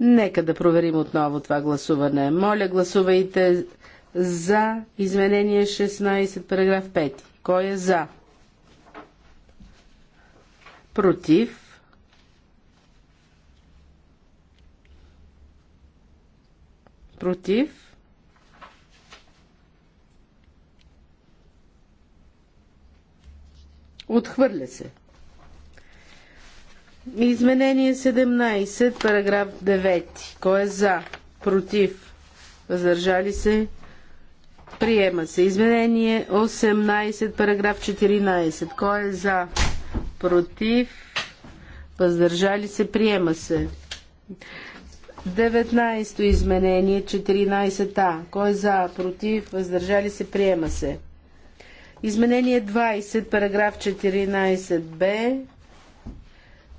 Нека да проверим отново това гласуване. Моля, гласувайте за изменение 16, параграф 5. Кой е за? Против? Против? Отхвърля се. Изменение 17, параграф 9. Кой е за? Против? Въздържали се? Приема се. Изменение 18, параграф 14. Кой е за? Против? Въздържали се? Приема се. 19-то изменение, 14а. Кой е за? Против? Въздържали се? Приема се. Изменение 20, параграф 14б.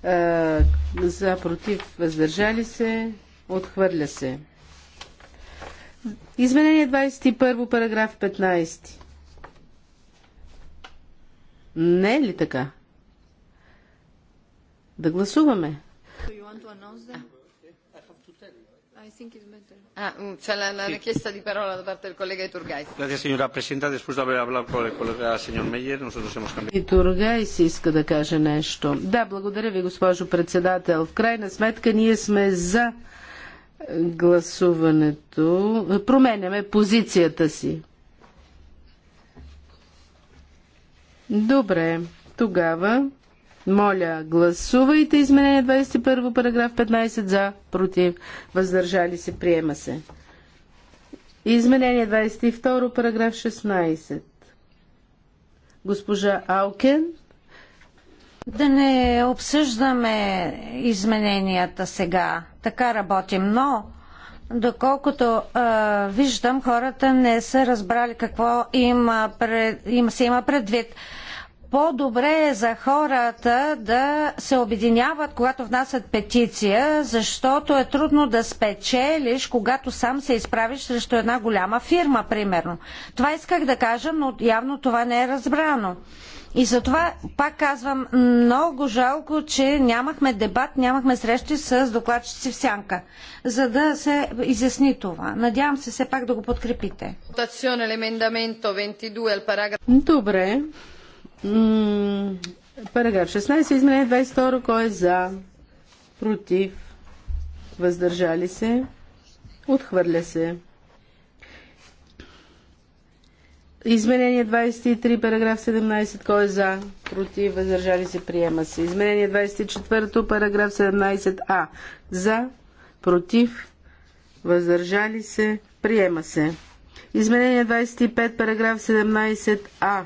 Е, за против въздържали се, отхвърля се. Изменение 21, параграф 15. Не е ли така? Да гласуваме. Do Ah, mm, señora presidenta. Después de haber hablado con el colega señor Meyer, nosotros hemos cambiado. иска да каже нещо. Да, благодаря ви, госпожо председател. В крайна сметка ние сме за гласуването. Променяме позицията си. Добре, тогава моля, гласувайте изменение 21, параграф 15 за, против, въздържали се, приема се. Изменение 22, параграф 16. Госпожа Алкен. Да не обсъждаме измененията сега. Така работим, но доколкото а, виждам, хората не са разбрали какво им, пред, им се има предвид по-добре е за хората да се обединяват, когато внасят петиция, защото е трудно да спечелиш, когато сам се изправиш срещу една голяма фирма, примерно. Това исках да кажа, но явно това не е разбрано. И затова, пак казвам, много жалко, че нямахме дебат, нямахме срещи с докладчици в сянка, за да се изясни това. Надявам се все пак да го подкрепите. Добре. Параграф 16, изменение 22. Кой е за? Против? Въздържали се? Отхвърля се. Изменение 23, параграф 17. Кой е за? Против? Въздържали се? Приема се. Изменение 24, параграф 17а. За? Против? Въздържали се? Приема се. Изменение 25, параграф 17а.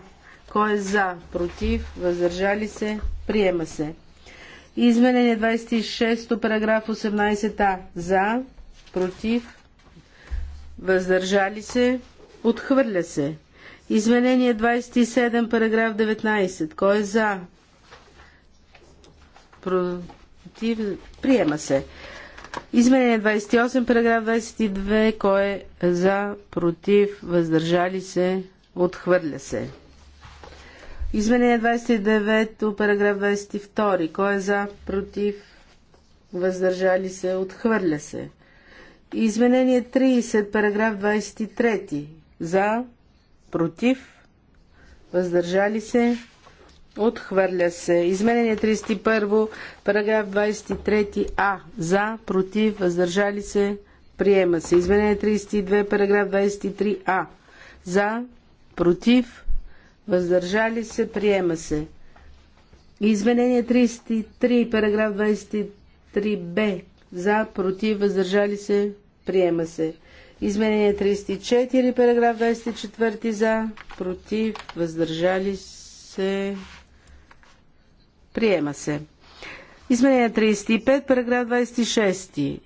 Кой е за? Против? Въздържали се? Приема се. Изменение 26, параграф 18а. За? Против? Въздържали се? Отхвърля се. Изменение 27, параграф 19. Кой е за? Против? Приема се. Изменение 28, параграф 22. Кой е за? Против? Въздържали се? Отхвърля се. Изменение 29, параграф 22. Кой е за, против, въздържали се, отхвърля се. Изменение 30, параграф 23. За, против, въздържали се, отхвърля се. Изменение 31, параграф 23а. За, против, въздържали се, приема се. Изменение 32, параграф 23а. За, против, въздържали се, приема се. Изменение 33, параграф 23б, за, против, въздържали се, приема се. Изменение 34, параграф 24, за, против, въздържали се, приема се. Изменение 35, параграф 26,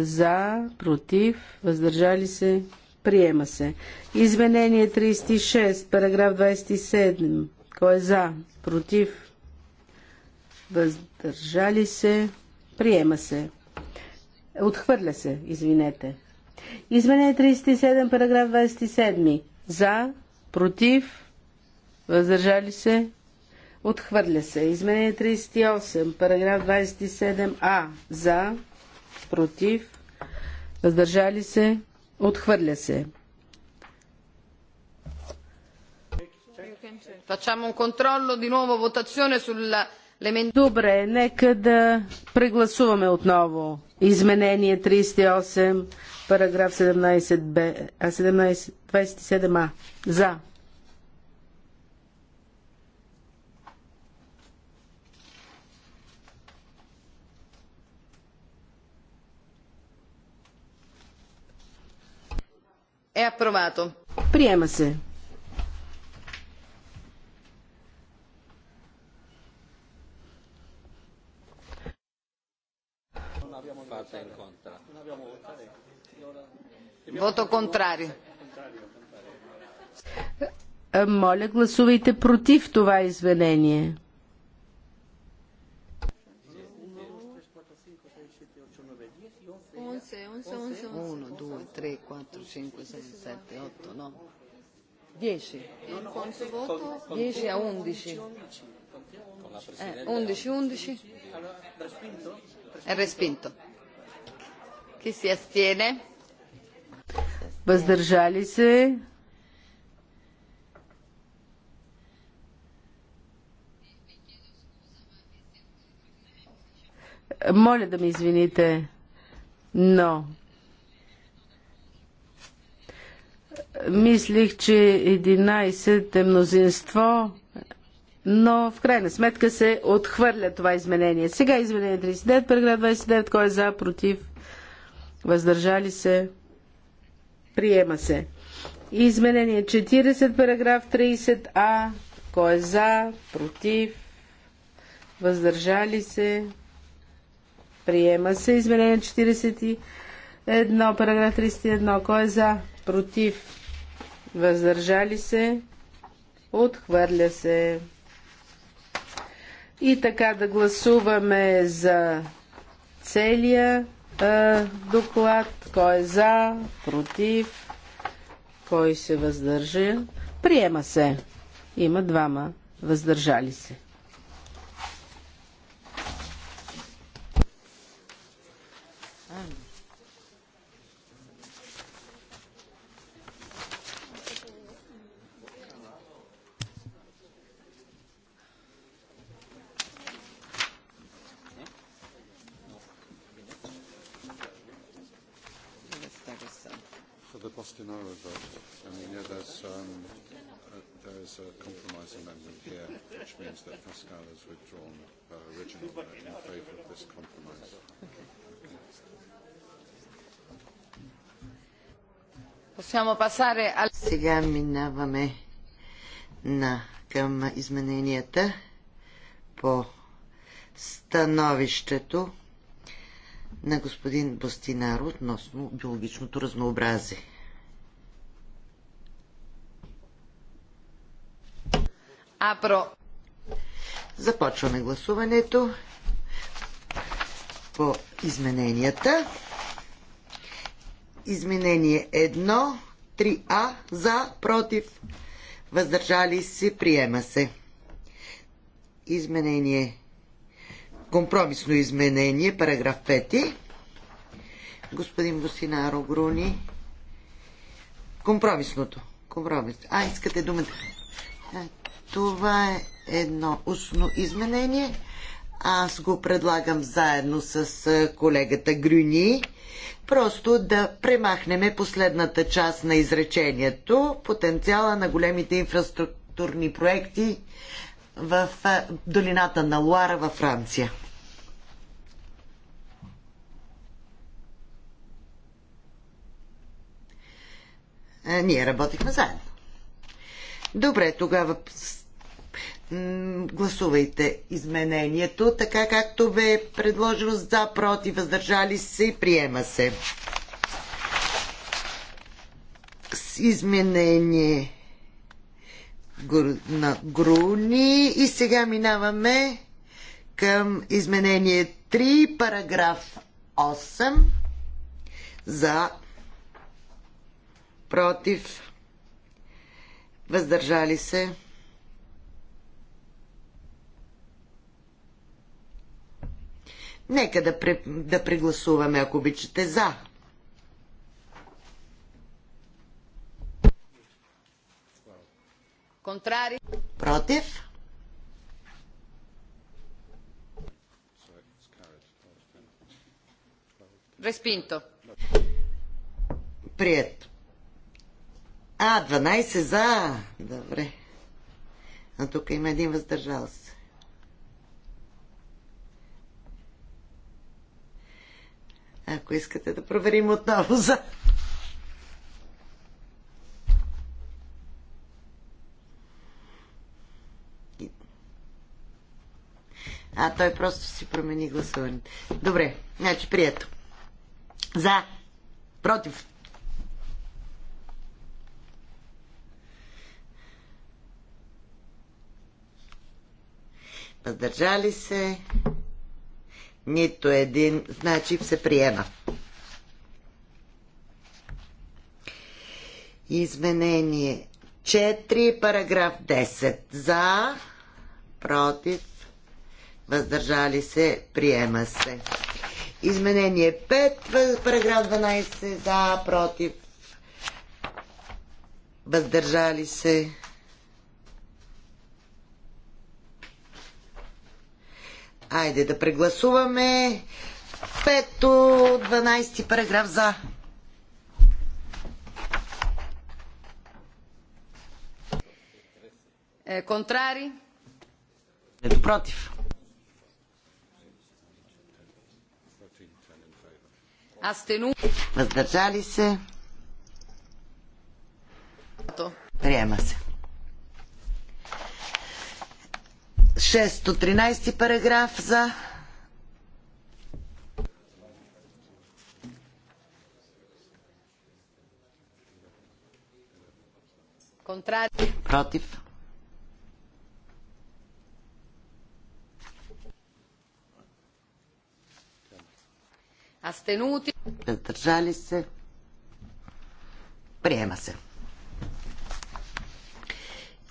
за, против, въздържали се, Приема се. Изменение 36, параграф 27. Кой е за? Против? Въздържали се? Приема се. Отхвърля се, извинете. Изменение 37, параграф 27. За? Против? Въздържали се? Отхвърля се. Изменение 38, параграф 27а. За? Против? Въздържали се? Отхвърля се. Добре, нека да прегласуваме отново изменение 38, параграф 17, 27а. За. È е approvato. Приема се. Вото контрари. Е, моля, гласувайте против това изменение. 3, 4, 5, 6, 7, 8, 9, 10. Il conto voto? 10 a 11. Eh, 11, 11. È respinto. Chi si astiene? Въздържали се? Моля да ми извините, но Мислих, че 11 е мнозинство, но в крайна сметка се отхвърля това изменение. Сега изменение 39, параграф 29, кой е за, против, въздържали се, приема се. Изменение 40, параграф 30а, кой е за, против, въздържали се, приема се. Изменение 41, параграф 31, кой е за, против, въздържали се, отхвърля се. И така да гласуваме за целия е, доклад, кой е за, против, кой се въздържа. Приема се. Има двама въздържали се. No, but I mean, yeah, there's, um, there is a compromise amendment here, which means that Pascal has withdrawn her original vote in favour of this compromise. Сега минаваме на, към измененията по становището на господин Бастинар относно биологичното разнообразие. Апро. Започваме гласуването по измененията. Изменение 1, 3А за, против, въздържали се, приема се. Изменение, компромисно изменение, параграф 5. Господин Босинаро Груни. Компромисното. Компромис. А, искате думата. Това е едно устно изменение. Аз го предлагам заедно с колегата Грюни. Просто да премахнеме последната част на изречението потенциала на големите инфраструктурни проекти в долината на Луара във Франция. ние работихме заедно. Добре, тогава гласувайте изменението, така както бе е предложено за, против, въздържали се и приема се. С изменение на Груни и сега минаваме към изменение 3, параграф 8 за против въздържали се Нека да, пре, да прегласуваме, ако обичате, за. Контрари. Против. Респинто. Прието. А, 12 за. Добре. А тук има един въздържал се. Ако искате да проверим отново за... А той просто си промени гласуването. Добре, значи прието. За. Против. Въздържали се нито един, значи се приема. Изменение 4, параграф 10. За, против, въздържали се, приема се. Изменение 5, параграф 12, за, против, въздържали се, Айде да прегласуваме. Пето, 12 параграф за. Е, контрари. Ето против. Астену. Въздържали се. Приема се. 613 параграф за. Контрари. Против. Астенути. Въздържали се. Приема се.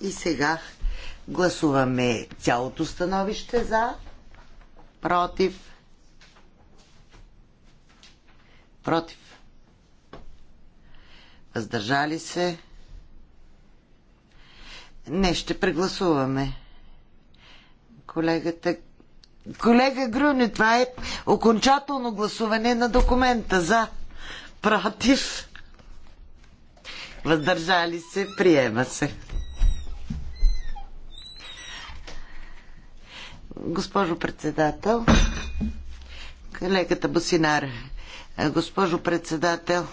И сега Гласуваме цялото становище за, против, против, въздържали се. Не, ще прегласуваме. Колегата Колега Груни, това е окончателно гласуване на документа за, против, въздържали се, приема се. Госпожо председател, колегата Босинар, госпожо председател,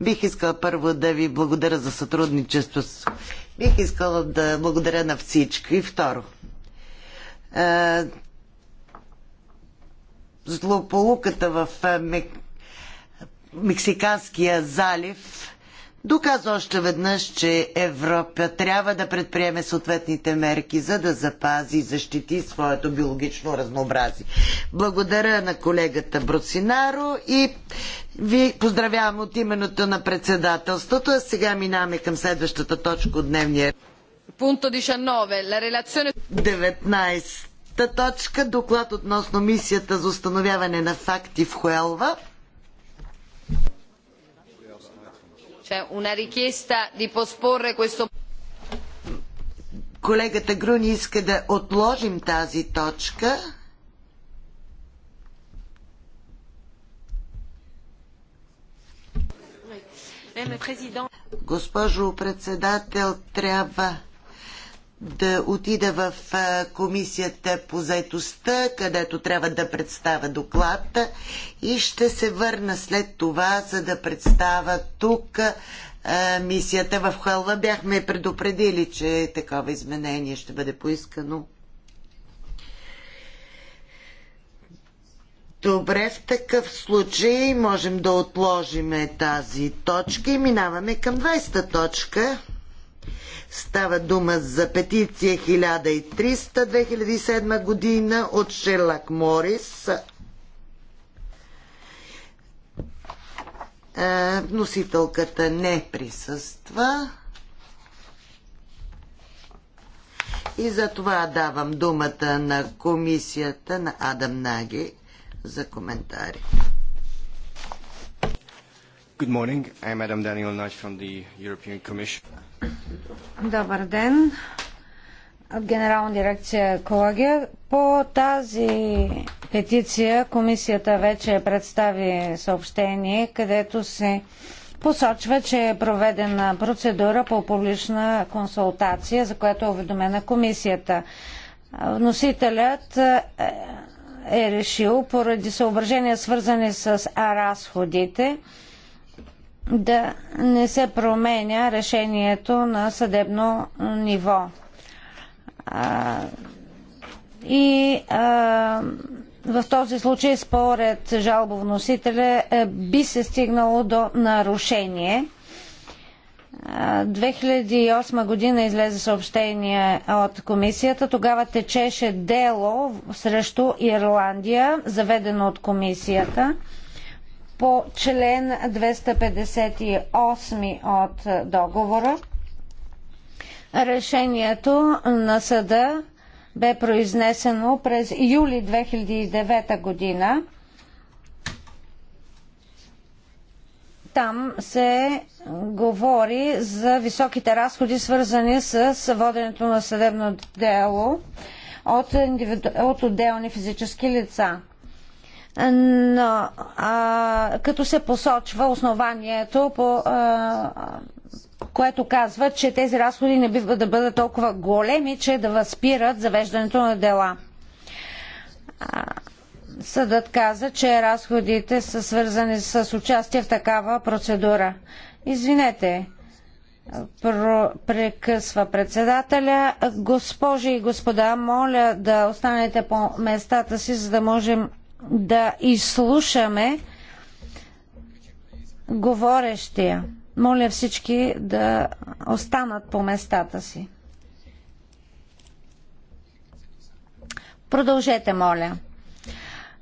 бих искала първо да ви благодаря за сътрудничеството. Бих искала да благодаря на всички. И второ, злополуката в Мексиканския залив доказа още веднъж, че Европа трябва да предприеме съответните мерки, за да запази и защити своето биологично разнообразие. Благодаря на колегата Броцинаро и ви поздравявам от името на председателството. А сега минаваме към следващата точка от дневния. Пункто 19. Та точка доклад относно мисията за установяване на факти в Хуелва. C'è una richiesta di posporre questo... Колегата Груни иска да отложим тази точка. Госпожо председател, трябва да отида в комисията по заетостта, където трябва да представя доклад и ще се върна след това, за да представя тук мисията в Хълва. Бяхме предупредили, че такова изменение ще бъде поискано. Добре, в такъв случай можем да отложим тази точка и минаваме към 20-та точка. Става дума за петиция 1300-2007 година от Шерлак Морис. Е, носителката не присъства. И за това давам думата на комисията на Адам Наги за коментари. Good morning. I'm Adam Daniel Nagy from the European Commission. Добър ден от Генерална дирекция екология. По тази петиция комисията вече представи съобщение, където се посочва, че е проведена процедура по публична консултация, за която е уведомена комисията. Вносителят е, е решил, поради съображения свързани с разходите, да не се променя решението на съдебно ниво. А, и а, в този случай, според жалбовносителя, е, би се стигнало до нарушение. 2008 година излезе съобщение от комисията. Тогава течеше дело срещу Ирландия, заведено от комисията по член 258 от договора. Решението на съда бе произнесено през юли 2009 година. Там се говори за високите разходи, свързани с воденето на съдебно дело от, индивиду... от отделни физически лица но а, като се посочва основанието, по, а, което казва, че тези разходи не бива да бъдат толкова големи, че да възпират завеждането на дела. А, съдът каза, че разходите са свързани с участие в такава процедура. Извинете, прекъсва председателя. Госпожи и господа, моля да останете по местата си, за да можем да изслушаме говорещия. Моля всички да останат по местата си. Продължете, моля.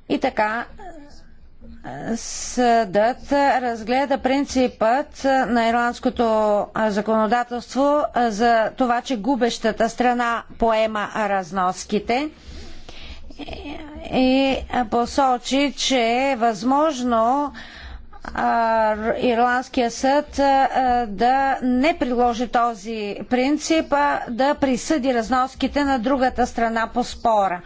И така, съдът разгледа принципът на ирландското законодателство за това, че губещата страна поема разноските и посочи, че е възможно Ирландския съд да не приложи този принцип, а да присъди разноските на другата страна по спора.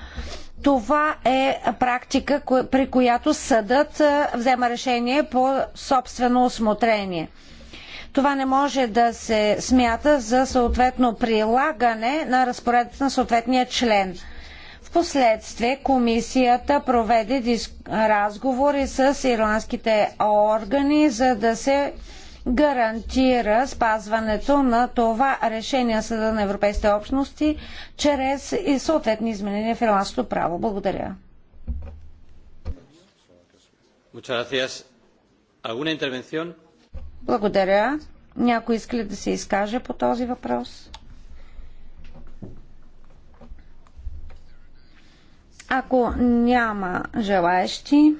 Това е практика, при която съдът взема решение по собствено осмотрение. Това не може да се смята за съответно прилагане на разпоредата на съответния член. Впоследствие комисията проведе диск... разговори с ирландските органи, за да се гарантира спазването на това решение Съда на Европейските общности чрез и съответни изменения в ирландското право. Благодаря. Благодаря. Някой иска ли да се изкаже по този въпрос? Ако няма желаещи,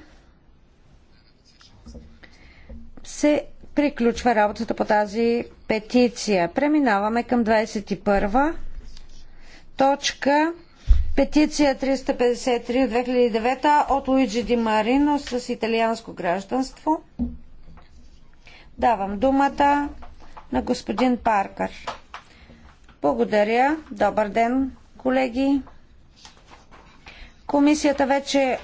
се приключва работата по тази петиция. Преминаваме към 21 точка. Петиция 353 от 2009 от Луиджи Ди Марино с италианско гражданство. Давам думата на господин Паркър. Благодаря. Добър ден, колеги. Комисията вече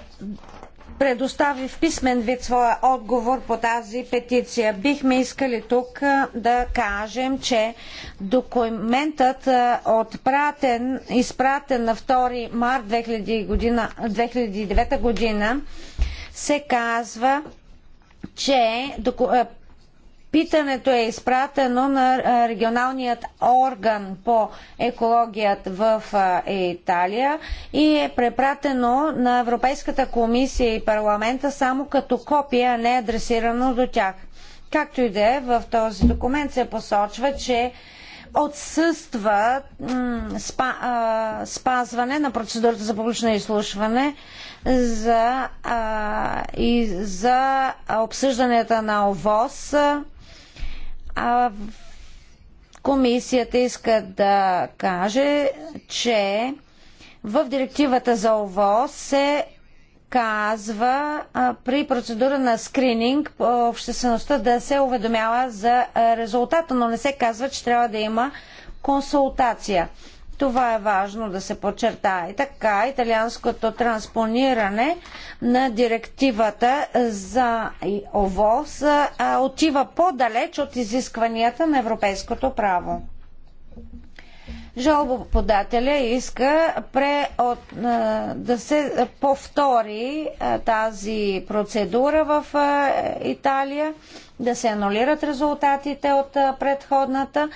предостави в писмен вид своя отговор по тази петиция. Бихме искали тук да кажем, че документът отпратен, изпратен на 2 март 2000 година, 2009 година се казва, че Питането е изпратено на регионалният орган по екологият в е, Италия и е препратено на Европейската комисия и парламента само като копия, а не адресирано до тях. Както и да е, в този документ се посочва, че отсъства спа, а, спазване на процедурата за публично изслушване за, а, и за обсъжданията на ОВОС а, а комисията иска да каже, че в директивата за ОВО се казва а, при процедура на скрининг обществеността да се уведомява за резултата, но не се казва, че трябва да има консултация. Това е важно да се подчертае. Така, италианското транспониране на директивата за ОВОС отива по-далеч от изискванията на европейското право жалбоподателя иска пре от, да се повтори тази процедура в Италия, да се анулират резултатите от предходната.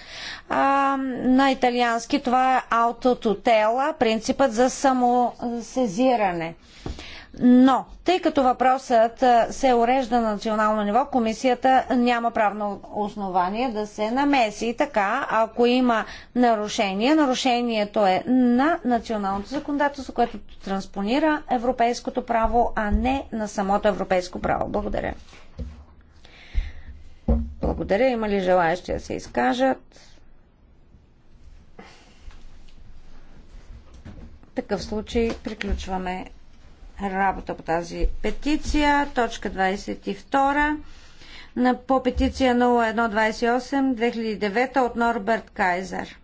На италиански това е аутототела, принципът за самосезиране. Но, тъй като въпросът се урежда на национално ниво, комисията няма правно основание да се намеси. И така, ако има нарушение, нарушението е на националното законодателство, което транспонира европейското право, а не на самото европейско право. Благодаря. Благодаря. Има ли желаящи да се изкажат? В такъв случай приключваме работа по тази петиция. Точка 22 на, по петиция 0128-2009 от Норберт Кайзер.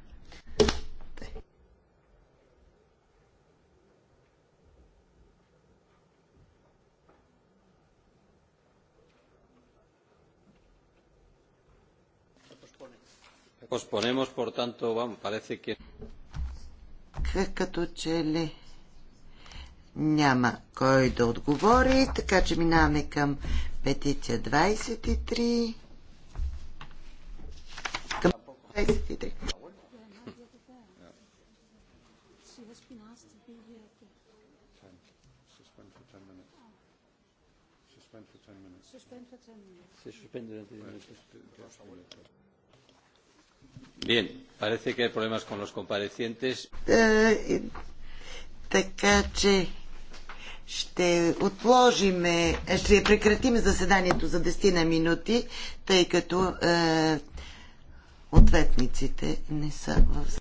por tanto, vamos, parece que... Като че ли няма кой да отговори, така че минаваме към петиция 23. Към 23. Bien, parece que hay problemas con los comparecientes. Е, така че ще отложиме, ще прекратим заседанието за 10 на минути, тъй като е, ответниците не са в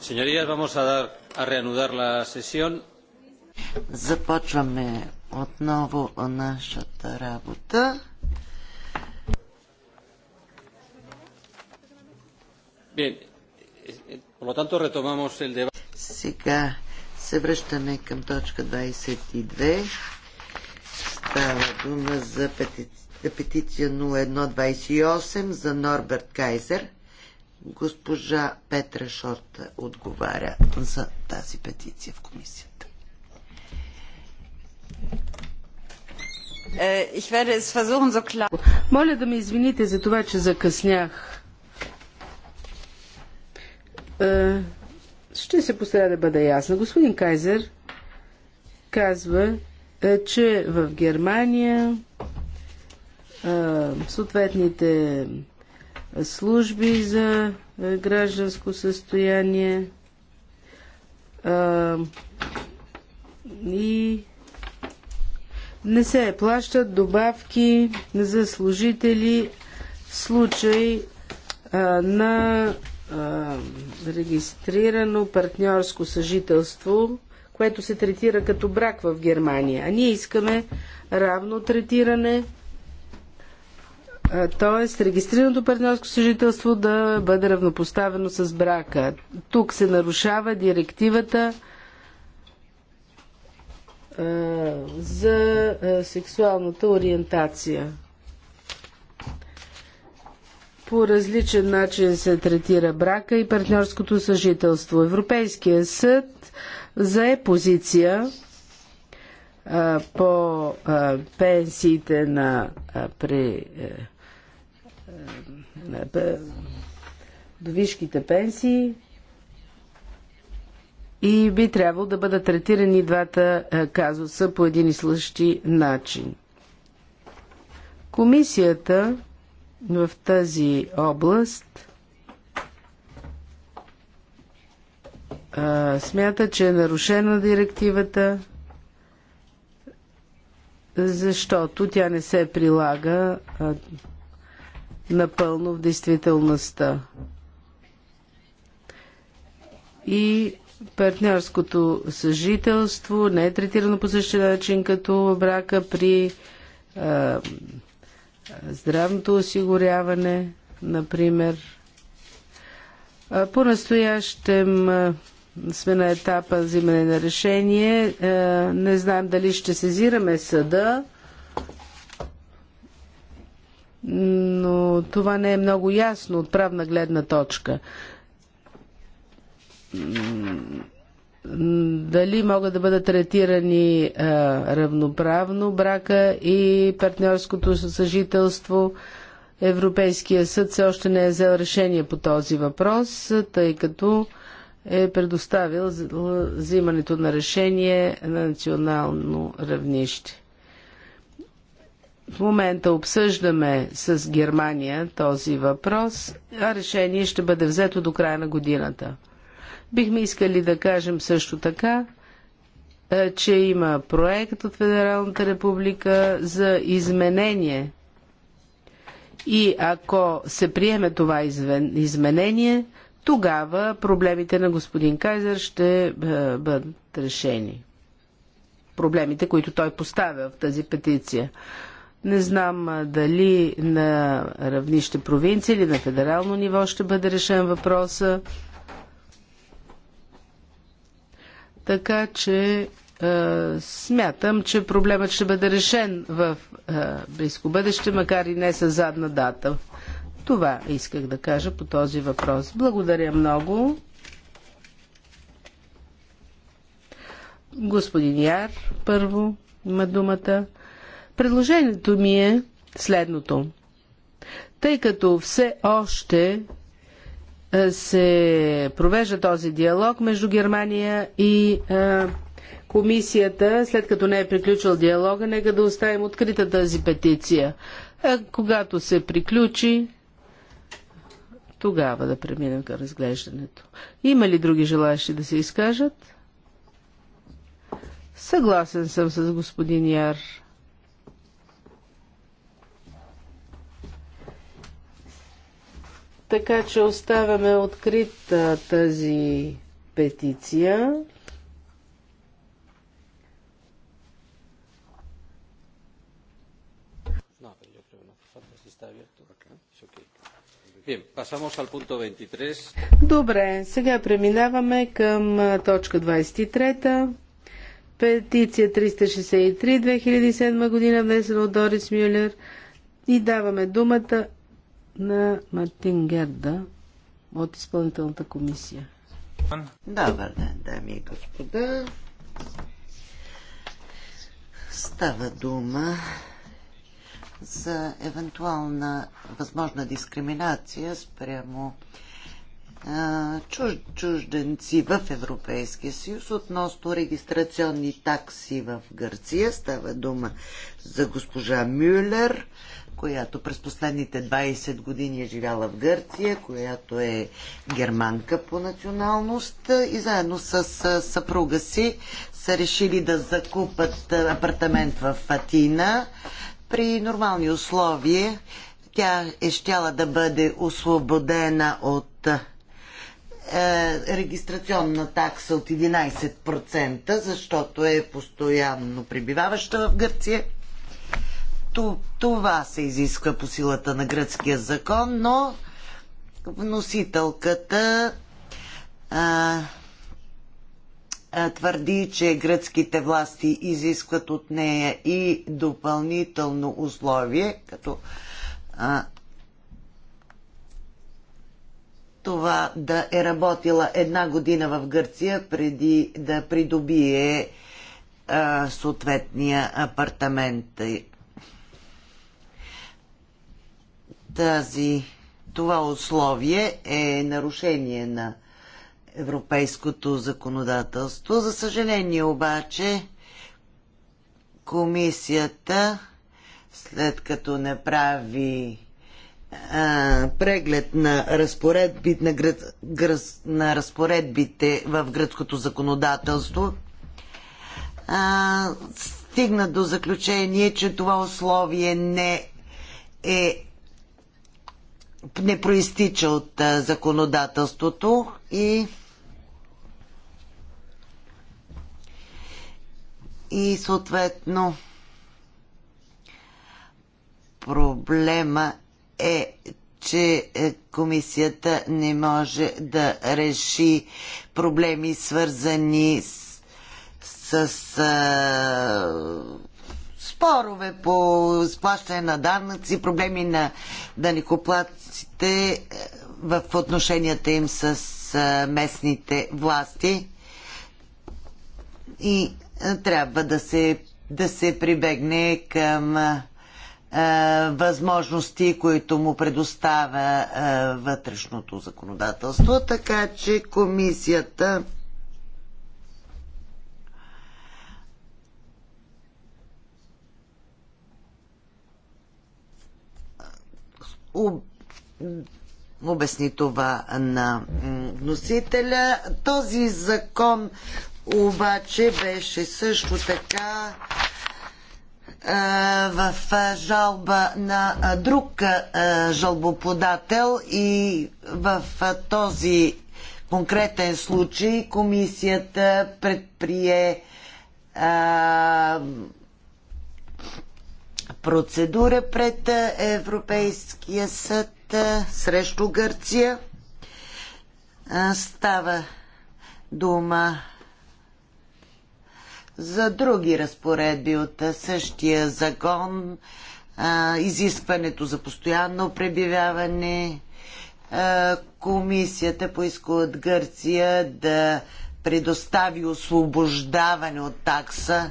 Señorías, vamos a, dar, a reanudar la sesión. Започваме отново нашата работа. Bien, eh, por lo tanto retomamos el debate. Сега се връщаме към точка 22. Става дума за петиция 0128 за Норберт Кайзер – Госпожа Петра Шорта отговаря за тази петиция в комисията. Е, Моля да ме извините за това, че закъснях. Е, ще се постаря да бъда ясна. Господин Кайзер казва, е, че в Германия съответните служби за е, гражданско състояние и не се плащат добавки за служители в случай на регистрирано партньорско съжителство, което се третира като брак в Германия. А ние искаме равно третиране Тоест, регистрираното партньорско съжителство да бъде равнопоставено с брака. Тук се нарушава директивата за сексуалната ориентация. По различен начин се третира брака и партньорското съжителство. Европейския съд зае позиция по пенсиите на при е, довишките пенсии и би трябвало да бъдат третирани двата е, казуса по един и същи начин. Комисията в тази област е, смята, че е нарушена директивата, защото тя не се прилага а, е, напълно в действителността. И партньорското съжителство не е третирано по същия начин като брака при а, здравното осигуряване, например. По-настоящем сме на етапа взимане на решение. Не знаем дали ще сезираме съда но това не е много ясно от правна гледна точка. Дали могат да бъдат третирани а, равноправно брака и партньорското съжителство? Европейския съд все още не е взел решение по този въпрос, тъй като е предоставил взимането на решение на национално равнище. В момента обсъждаме с Германия този въпрос, а решение ще бъде взето до края на годината. Бихме искали да кажем също така, е, че има проект от Федералната република за изменение. И ако се приеме това изменение, тогава проблемите на господин Кайзер ще е, бъдат решени. Проблемите, които той поставя в тази петиция. Не знам дали на равнище провинция или на федерално ниво ще бъде решен въпроса. Така че е, смятам, че проблемът ще бъде решен в е, близко бъдеще, макар и не с задна дата. Това исках да кажа по този въпрос. Благодаря много. Господин Яр, първо има думата. Предложението ми е следното. Тъй като все още е, се провежда този диалог между Германия и а, е, комисията, след като не е приключил диалога, нека да оставим открита тази петиция. А когато се приключи, тогава да преминем към разглеждането. Има ли други желаящи да се изкажат? Съгласен съм с господин Яр. Така че оставяме открита тази петиция. Добре, сега преминаваме към точка 23. Петиция 363-2007 година, внесена от Дорис Мюллер. И даваме думата на Мартин Герда от изпълнителната комисия. Добър ден, дами и господа. Става дума за евентуална възможна дискриминация спрямо а, чуж, чужденци в Европейския съюз относно регистрационни такси в Гърция. Става дума за госпожа Мюлер, която през последните 20 години е живяла в Гърция, която е германка по националност и заедно с съпруга си са решили да закупат апартамент в Атина. При нормални условия тя е щяла да бъде освободена от е, регистрационна такса от 11%, защото е постоянно прибиваваща в Гърция това се изисква по силата на гръцкия закон, но вносителката а, а, твърди, че гръцките власти изискват от нея и допълнително условие, като а, това да е работила една година в Гърция преди да придобие а, съответния апартамент. Тази, това условие е нарушение на европейското законодателство. За съжаление обаче, комисията, след като направи а, преглед на, разпоредби, на, град, град, на разпоредбите в гръцкото законодателство, а, стигна до заключение, че това условие не е не проистича от законодателството и и съответно проблема е, че е, комисията не може да реши проблеми свързани с, с спорове по сплащане на данъци, проблеми на данекоплаците е, в отношенията им с е, местните власти и е, трябва да се, да се прибегне към възможности, които му предоставя вътрешното законодателство, така че комисията обясни това на вносителя. Този закон обаче беше също така в жалба на друг жалбоподател и в този конкретен случай комисията предприе процедура пред Европейския съд срещу Гърция. Става дума за други разпоредби от същия закон, изискването за постоянно пребиваване. Комисията поиска от Гърция да предостави освобождаване от такса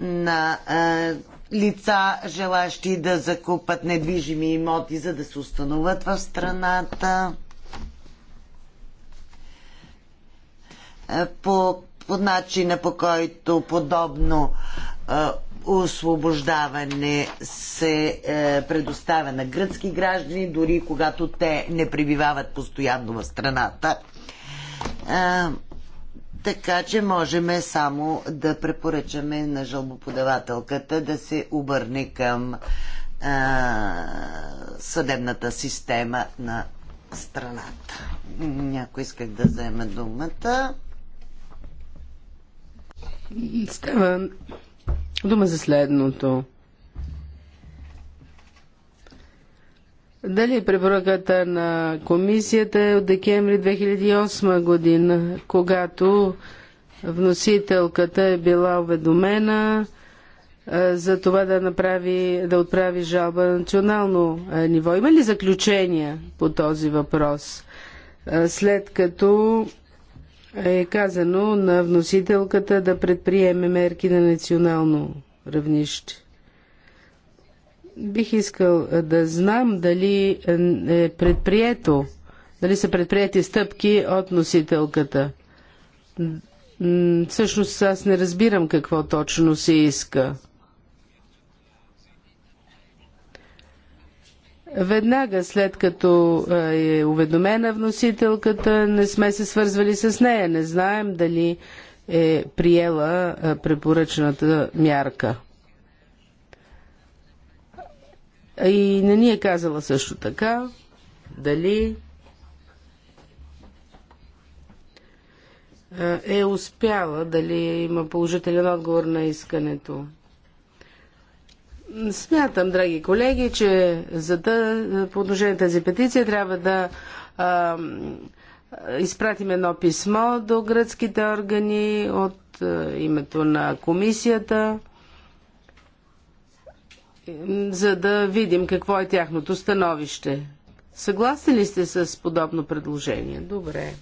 на лица, желащи да закупат недвижими имоти, за да се установят в страната. Е, по, по начина по който подобно е, освобождаване се е, предоставя на гръцки граждани, дори когато те не пребивават постоянно в страната. Е, така че можем само да препоръчаме на жалбоподавателката да се обърне към а, съдебната система на страната. Някой исках да вземе думата. Става дума за следното. Дали препоръката на комисията е от декември 2008 година, когато вносителката е била уведомена за това да, направи, да отправи жалба на национално ниво. Има ли заключения по този въпрос? След като е казано на вносителката да предприеме мерки на национално равнище. Бих искал е, да знам дали е, е предприето, дали са предприяти стъпки от носителката. Всъщност аз не разбирам какво точно се иска. Веднага след като е, е уведомена вносителката, не сме се свързвали с нея. Не знаем дали е приела препоръчната мярка. И не ни е казала също така дали е успяла, дали има положителен отговор на искането. Смятам, драги колеги, че за да по отношение на тази петиция трябва да а, изпратим едно писмо до гръцките органи от а, името на комисията за да видим какво е тяхното становище. Съгласни ли сте с подобно предложение? Добре.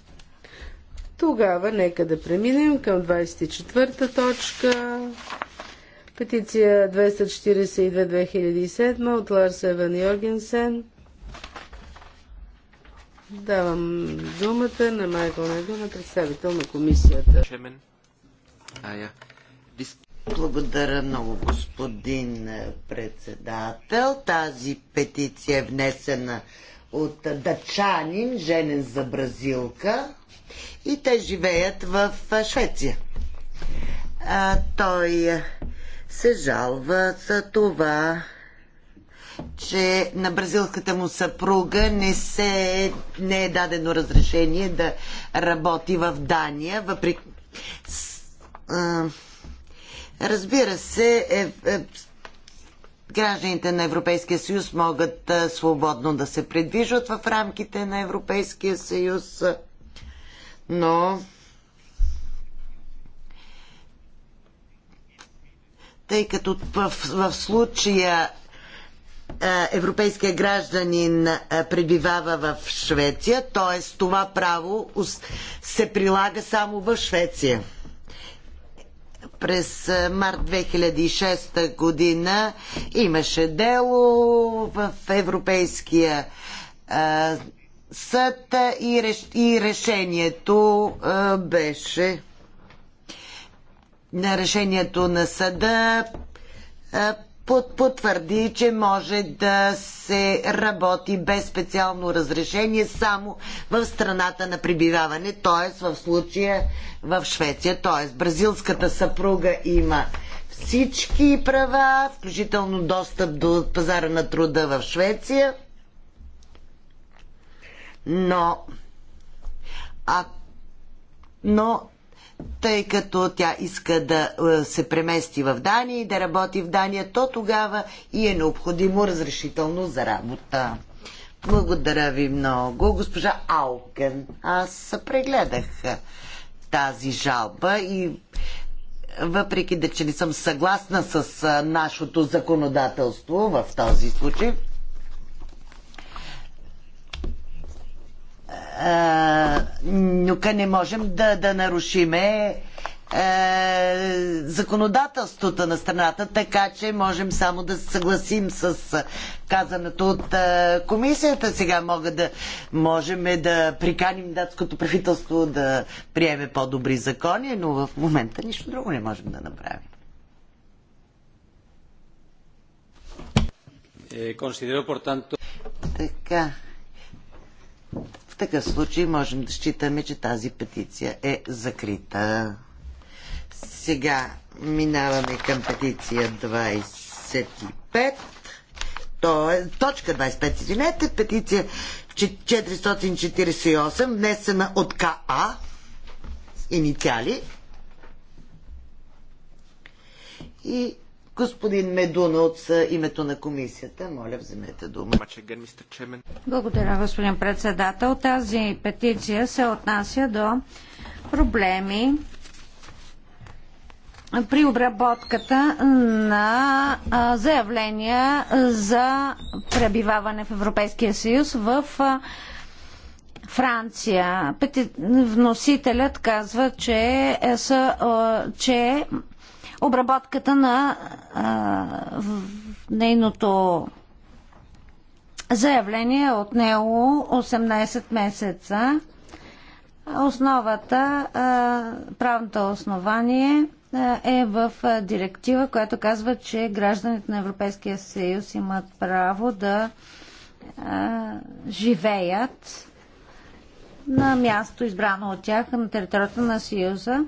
Тогава нека да преминем към 24-та точка. Петиция 242-2007 от Ларс Еван Йоргенсен. Давам думата на Майкъл Негона, представител на комисията. This благодаря много, господин е, председател. Тази петиция е внесена от дъчанин, женен за бразилка и те живеят в е, Швеция. А, той е, се жалва за това, че на бразилската му съпруга не, се, не е дадено разрешение да работи в Дания, въпреки Разбира се, е, е, гражданите на Европейския съюз могат е, свободно да се придвижват в рамките на Европейския съюз, но тъй като в, в случая е, европейския гражданин е, пребивава в Швеция, т.е. това право се прилага само в Швеция през март 2006 година имаше дело в Европейския съд и, решението беше на решението на съда потвърди, че може да се работи без специално разрешение само в страната на прибиваване, т.е. в случая в Швеция. Т.е. бразилската съпруга има всички права, включително достъп до пазара на труда в Швеция. Но, а, но тъй като тя иска да е, се премести в Дания и да работи в Дания, то тогава и е необходимо разрешително за работа. Благодаря ви много, госпожа Алкен. Аз прегледах тази жалба и въпреки да че не съм съгласна с е, нашето законодателство в този случай, Нюка не можем да, да нарушиме законодателството на страната, така че можем само да се съгласим с казаното от комисията. Сега мога да, можем да приканим датското правителство да приеме по-добри закони, но в момента нищо друго не можем да направим. Е, considero, Така такъв случай можем да считаме, че тази петиция е закрита. Сега минаваме към петиция 25. То е, точка 25, извинете, петиция 448, внесена от КА, инициали. И Господин Медуна от името на комисията, моля вземете дума. Благодаря, господин председател. Тази петиция се отнася до проблеми при обработката на заявления за пребиваване в Европейския съюз в Франция. Вносителят казва, че, е, са, че обработката на а, нейното заявление от него 18 месеца. Основата, правното основание е в директива, която казва, че гражданите на Европейския съюз имат право да живеят на място избрано от тях на територията на Съюза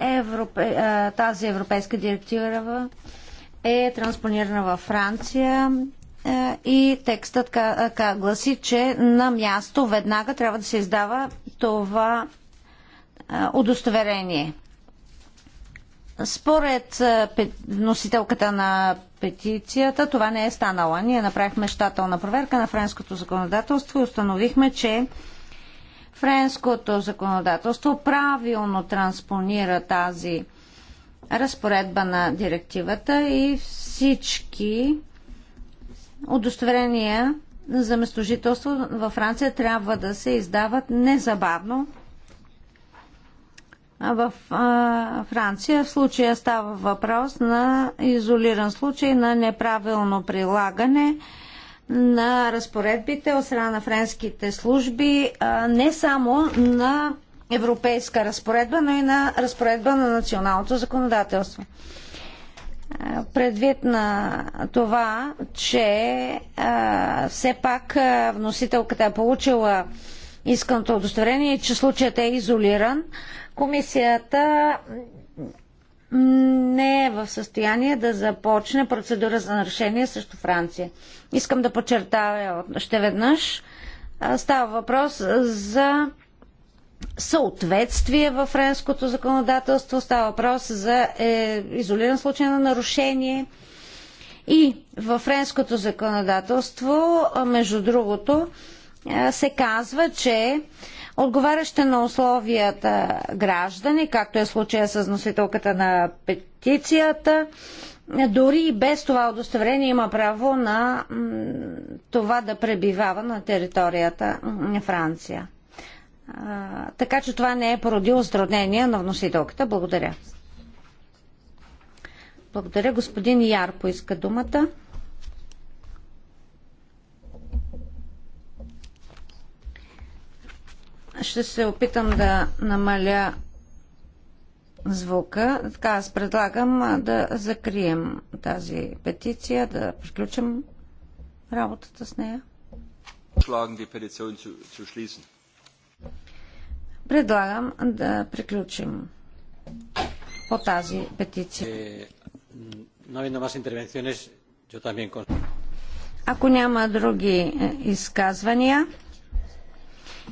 Европе, тази европейска директива е транспонирана във Франция и текстът гласи, че на място веднага трябва да се издава това удостоверение. Според носителката на петицията, това не е станало. Ние направихме щателна проверка на френското законодателство и установихме, че Френското законодателство правилно транспонира тази разпоредба на директивата и всички удостоверения за местожителство във Франция трябва да се издават незабавно в Франция. В случая става въпрос на изолиран случай на неправилно прилагане на разпоредбите от страна на френските служби не само на европейска разпоредба, но и на разпоредба на националното законодателство. Предвид на това, че все пак вносителката е получила исканото удостоверение, че случаят е изолиран, комисията не е в състояние да започне процедура за нарушение срещу Франция. Искам да подчертая още веднъж. Става въпрос за съответствие във френското законодателство, става въпрос за е, изолиран случай на нарушение. И във френското законодателство, между другото, се казва, че отговаряща на условията граждани, както е случая с носителката на петицията, дори и без това удостоверение има право на това да пребивава на територията на Франция. така че това не е породило затруднение на вносителката. Благодаря. Благодаря. Господин Яр поиска думата. Ще се опитам да намаля звука. Така, аз предлагам да закрием тази петиция, да приключим работата с нея. Предлагам да приключим по тази петиция. Е, е Ако няма други е, изказвания,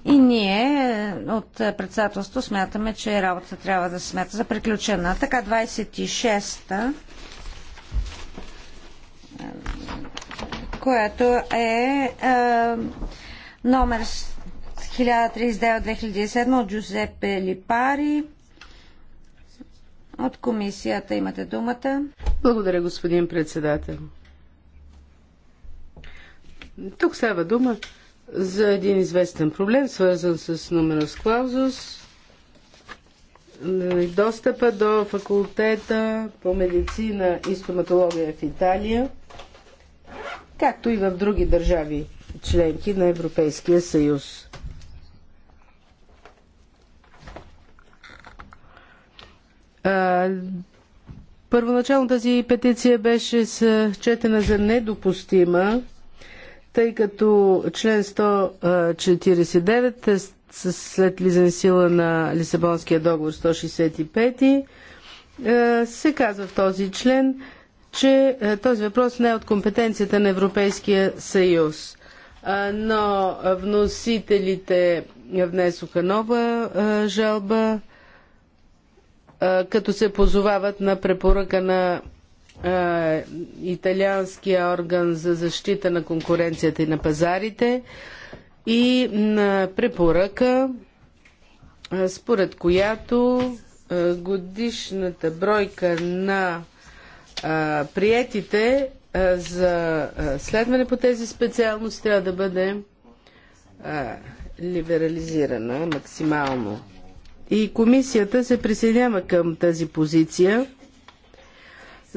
и ние е, от председателство смятаме, че работата трябва да се смята за приключена. Така 26-та, е, която е, е номер 1039-2007 от Джузепе Липари. От комисията имате думата. Благодаря, господин председател. Тук става дума за един известен проблем, свързан с с клаузус, достъпа до факултета по медицина и стоматология в Италия, както и в други държави членки на Европейския съюз. А, първоначално тази петиция беше счетена за недопустима тъй като член 149 е след влизане сила на Лисабонския договор 165 е, се казва в този член, че е, този въпрос не е от компетенцията на Европейския съюз. Но вносителите внесоха нова жалба, като се позовават на препоръка на е, италианския орган за защита на конкуренцията и на пазарите и на препоръка, е, според която е, годишната бройка на приетите за следване по тези специалности трябва да бъде либерализирана максимално. И комисията се присъединява към тази позиция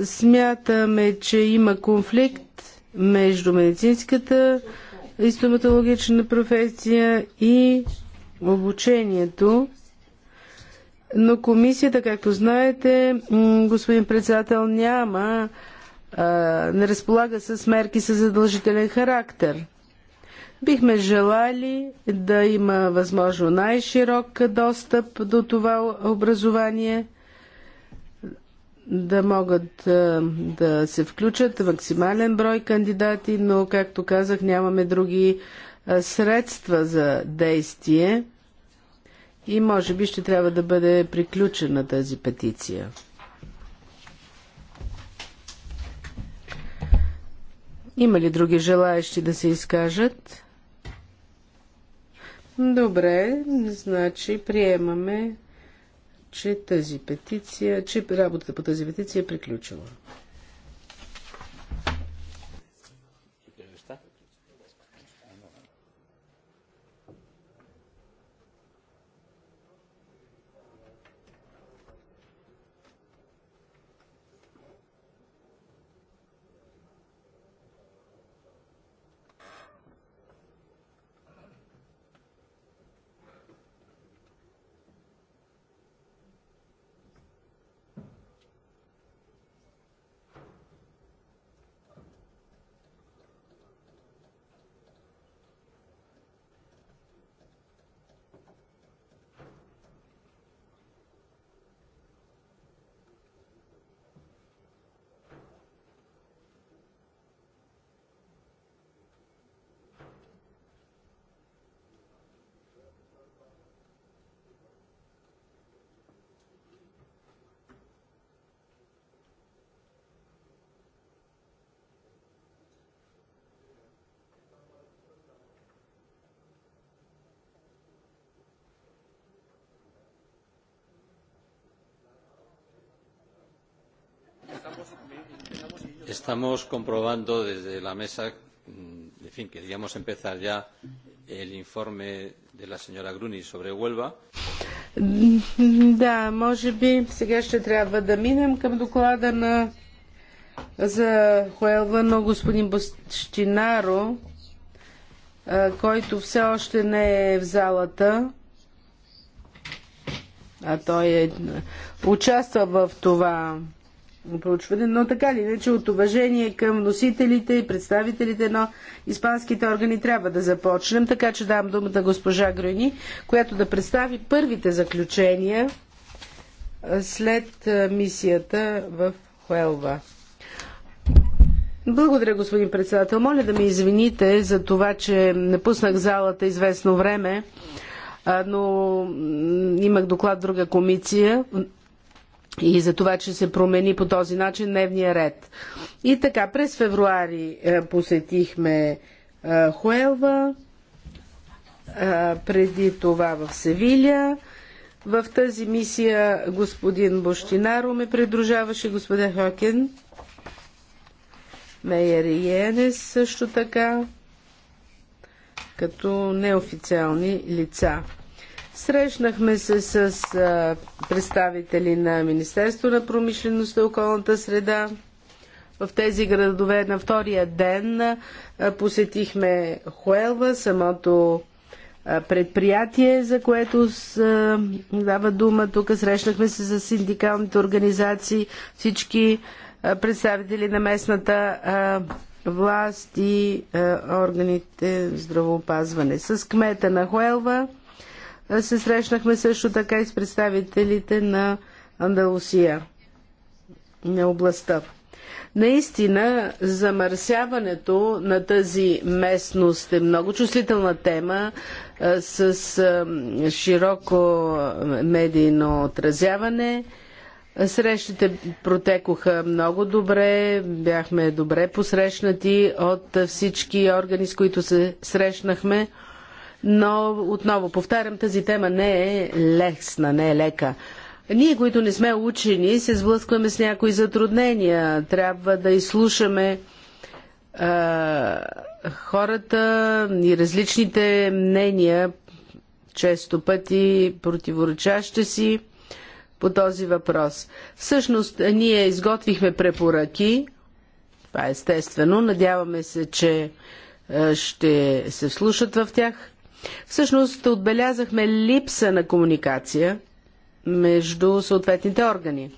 Смятаме, че има конфликт между медицинската и стоматологична професия и обучението. Но комисията, както знаете, господин председател, няма, а, не разполага с мерки с задължителен характер. Бихме желали да има възможно най-широк достъп до това образование – да могат да се включат максимален брой кандидати, но, както казах, нямаме други средства за действие и може би ще трябва да бъде приключена тази петиция. Има ли други желаящи да се изкажат? Добре, значи приемаме че тази петиция, че работата по тази петиция е приключила. estamos comprobando desde la mesa mm, que queríamos empezar ya el informe de la señora Gruny sobre Huelva. Да, може би сега ще трябва да минем към доклада на за Хуелва, но господин Бощинаро, който все още не е в залата, а той е, участва в това проучване, но така ли иначе от уважение към носителите и представителите на испанските органи трябва да започнем, така че давам думата на госпожа Грюни, която да представи първите заключения след мисията в Хуелва. Благодаря, господин председател. Моля да ме извините за това, че напуснах залата известно време, но имах доклад в друга комисия, и за това, че се промени по този начин дневния ред. И така, през февруари е, посетихме е, Хуелва, е, преди това в Севиля. В тази мисия господин Бощинаро ме придружаваше, господин Хокен. Мейер и Енес също така, като неофициални лица. Срещнахме се с представители на Министерство на промишлеността и околната среда. В тези градове на втория ден посетихме Хуелва, самото предприятие, за което с, дава дума. Тук срещнахме се с синдикалните организации, всички представители на местната власт и органите здравоопазване. С кмета на Хуелва се срещнахме също така и с представителите на Андалусия, на областта. Наистина, замърсяването на тази местност е много чувствителна тема с широко медийно отразяване. Срещите протекоха много добре, бяхме добре посрещнати от всички органи, с които се срещнахме. Но отново повтарям, тази тема не е лесна, не е лека. Ние, които не сме учени, се сблъскваме с някои затруднения. Трябва да изслушаме а, хората и различните мнения, често пъти противоречащи си по този въпрос. Всъщност, ние изготвихме препоръки, това е естествено, надяваме се, че ще се вслушат в тях Всъщност отбелязахме липса на комуникация между съответните органи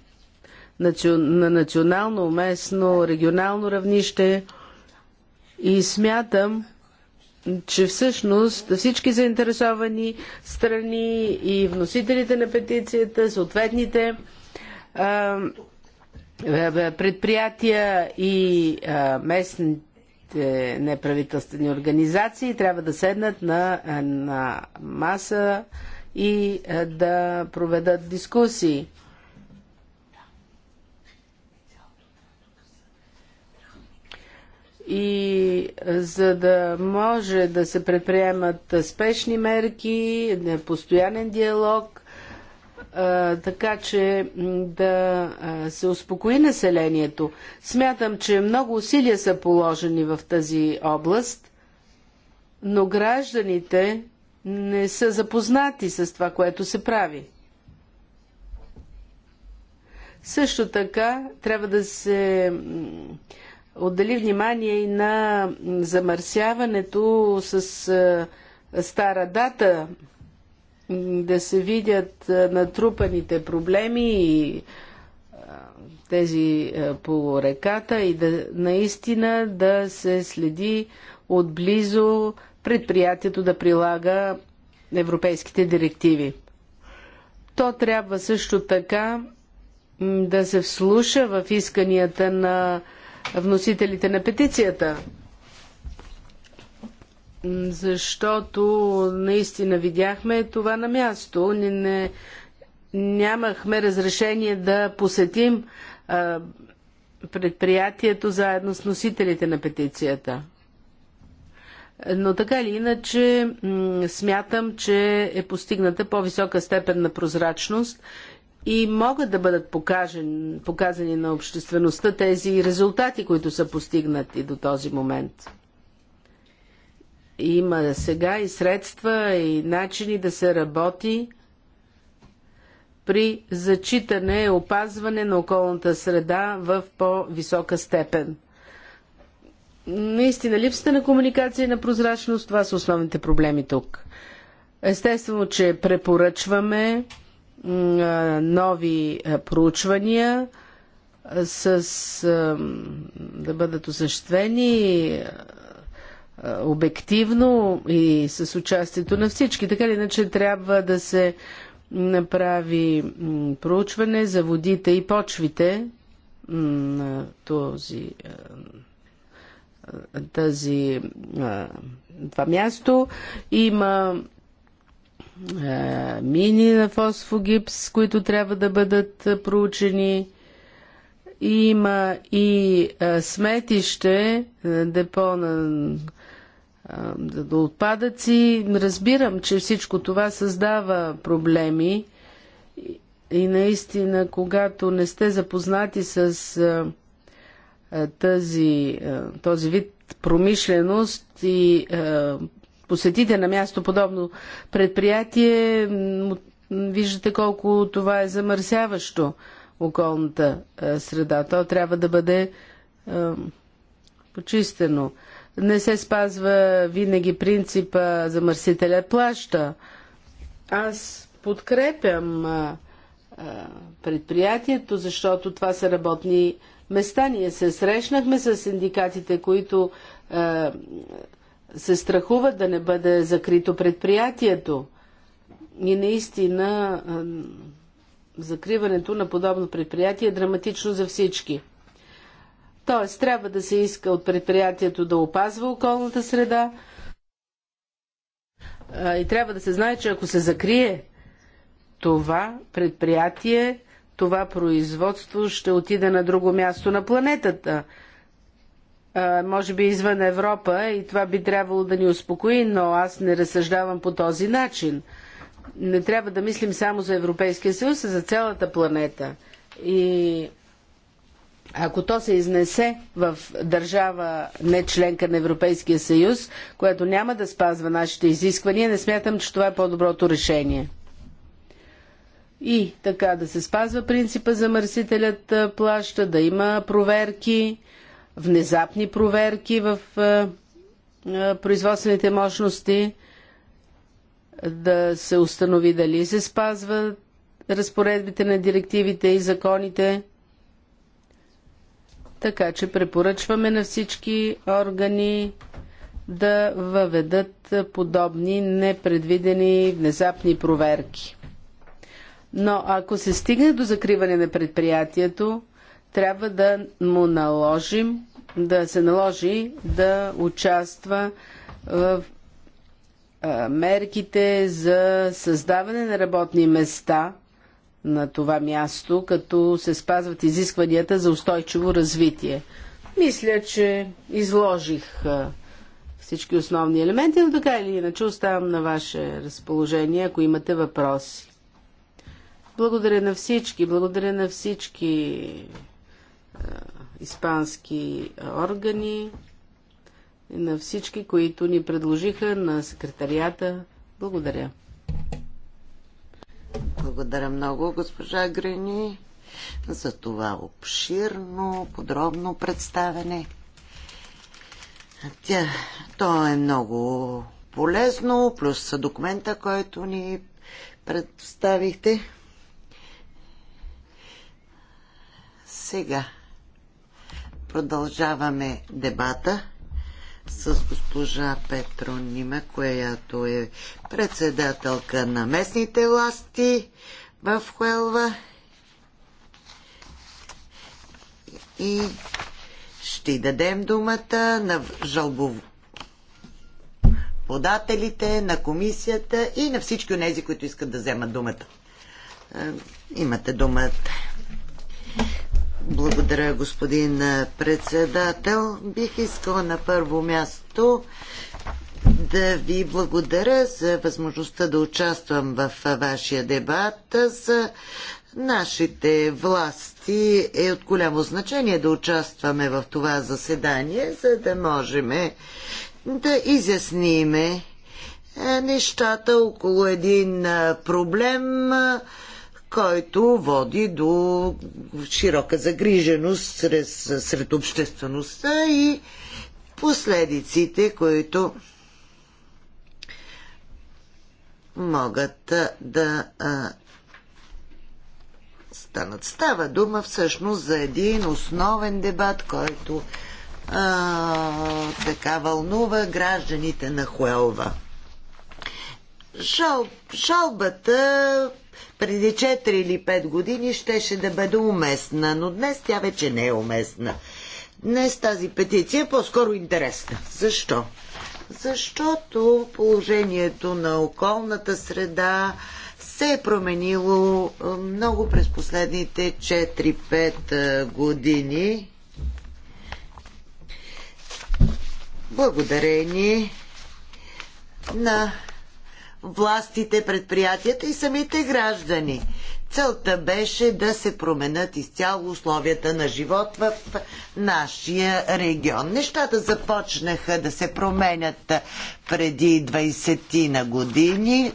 на национално, местно, регионално равнище и смятам, че всъщност всички заинтересовани страни и вносителите на петицията, съответните а, предприятия и а, местните другите неправителствени организации трябва да седнат на, на маса и е, да проведат дискусии. И е, за да може да се предприемат спешни мерки, е, постоянен диалог така че да се успокои населението. Смятам, че много усилия са положени в тази област, но гражданите не са запознати с това, което се прави. Също така трябва да се отдели внимание и на замърсяването с стара дата да се видят натрупаните проблеми и тези по реката и да наистина да се следи отблизо предприятието да прилага европейските директиви. То трябва също така да се вслуша в исканията на вносителите на петицията защото наистина видяхме това на място. Не, не, нямахме разрешение да посетим а, предприятието заедно с носителите на петицията. Но така или иначе, смятам, че е постигната по-висока степен на прозрачност и могат да бъдат покажен, показани на обществеността тези резултати, които са постигнати до този момент. Има сега и средства, и начини да се работи при зачитане и опазване на околната среда в по-висока степен. Наистина, липсата на комуникация и на прозрачност, това са основните проблеми тук. Естествено, че препоръчваме нови проучвания с, да бъдат осъществени обективно и с участието на всички. Така ли, иначе трябва да се направи проучване за водите и почвите на този, тази, това място. Има мини на фосфогипс, които трябва да бъдат проучени. Има и сметище, депо на до отпадъци. Разбирам, че всичко това създава проблеми и наистина, когато не сте запознати с тази, този вид промишленост и посетите на място подобно предприятие, виждате колко това е замърсяващо околната среда. То трябва да бъде почистено не се спазва винаги принципа замърсителя плаща. Аз подкрепям а, а, предприятието, защото това са работни места. Ние се срещнахме с синдикатите, които а, се страхуват да не бъде закрито предприятието. И наистина а, закриването на подобно предприятие е драматично за всички. Тоест, трябва да се иска от предприятието да опазва околната среда и трябва да се знае, че ако се закрие това предприятие, това производство ще отиде на друго място на планетата. А, може би извън Европа и това би трябвало да ни успокои, но аз не разсъждавам по този начин. Не трябва да мислим само за Европейския съюз, а за цялата планета. И ако то се изнесе в държава не членка на Европейския съюз, която няма да спазва нашите изисквания, не смятам, че това е по-доброто решение. И така да се спазва принципа замърсителят плаща, да има проверки, внезапни проверки в производствените мощности, да се установи дали се спазват разпоредбите на директивите и законите така че препоръчваме на всички органи да въведат подобни непредвидени внезапни проверки. Но ако се стигне до закриване на предприятието, трябва да му наложим, да се наложи да участва в мерките за създаване на работни места на това място, като се спазват изискванията за устойчиво развитие. Мисля, че изложих всички основни елементи, но така или иначе оставам на ваше разположение, ако имате въпроси. Благодаря на всички, благодаря на всички испански органи, на всички, които ни предложиха на секретарията. Благодаря. Благодаря много, госпожа Грени, за това обширно, подробно представене. Тя, то е много полезно, плюс документа, който ни представихте. Сега продължаваме дебата с госпожа Петро Нима, която е председателка на местните власти в Хуелва. И ще дадем думата на жалбоподателите, на комисията и на всички от тези, които искат да вземат думата. Е, имате думата. Благодаря, господин председател. Бих искала на първо място да ви благодаря за възможността да участвам в вашия дебат за нашите власти е от голямо значение да участваме в това заседание, за да можем да изясниме нещата около един проблем, който води до широка загриженост сред, сред обществеността и последиците, които могат да а, станат. Става дума всъщност за един основен дебат, който а, така вълнува гражданите на Хуелва. Жал, жалбата преди 4 или 5 години щеше да бъде уместна, но днес тя вече не е уместна. Днес тази петиция е по-скоро интересна. Защо? Защото положението на околната среда се е променило много през последните 4-5 години. Благодарение на властите, предприятията и самите граждани. Целта беше да се променят изцяло условията на живот в нашия регион. Нещата започнаха да се променят преди 20 ти на години.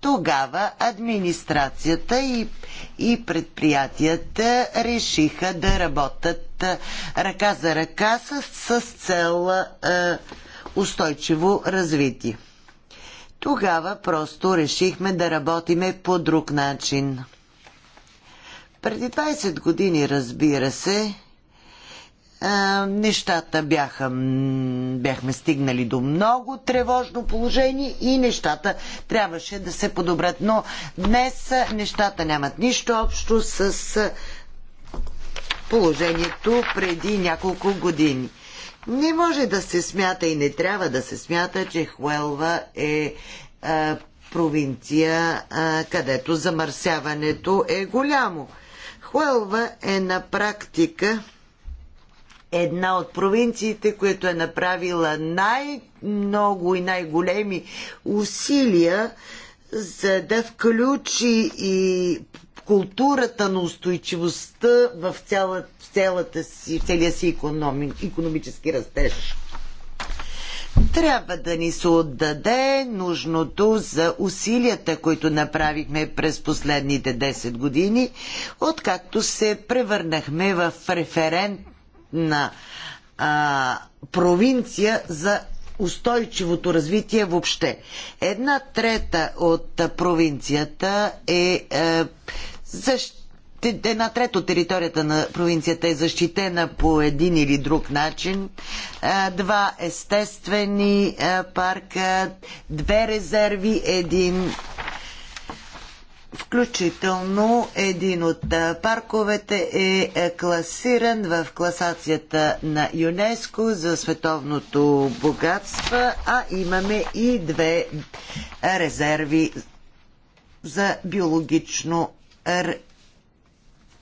Тогава администрацията и, и предприятията решиха да работят ръка за ръка с, с цел е, устойчиво развитие. Тогава просто решихме да работиме по друг начин. Преди 20 години, разбира се, а, нещата бяха, бяхме стигнали до много тревожно положение и нещата трябваше да се подобрят. Но днес нещата нямат нищо общо с положението преди няколко години. Не може да се смята и не трябва да се смята, че Хуелва е а, провинция, а, където замърсяването е голямо. Хуелва е на практика една от провинциите, която е направила най-много и най-големи усилия за да включи и културата на устойчивостта в, цяла, в, цялата си, в целия си економи, економически растеж. Трябва да ни се отдаде нужното за усилията, които направихме през последните 10 години, откакто се превърнахме в референтна а, провинция за устойчивото развитие въобще. Една трета от провинцията е, е защ... една трета от територията на провинцията е защитена по един или друг начин. Два естествени парка, две резерви, един Включително един от парковете е, е класиран в класацията на ЮНЕСКО за световното богатство, а имаме и две резерви за биологично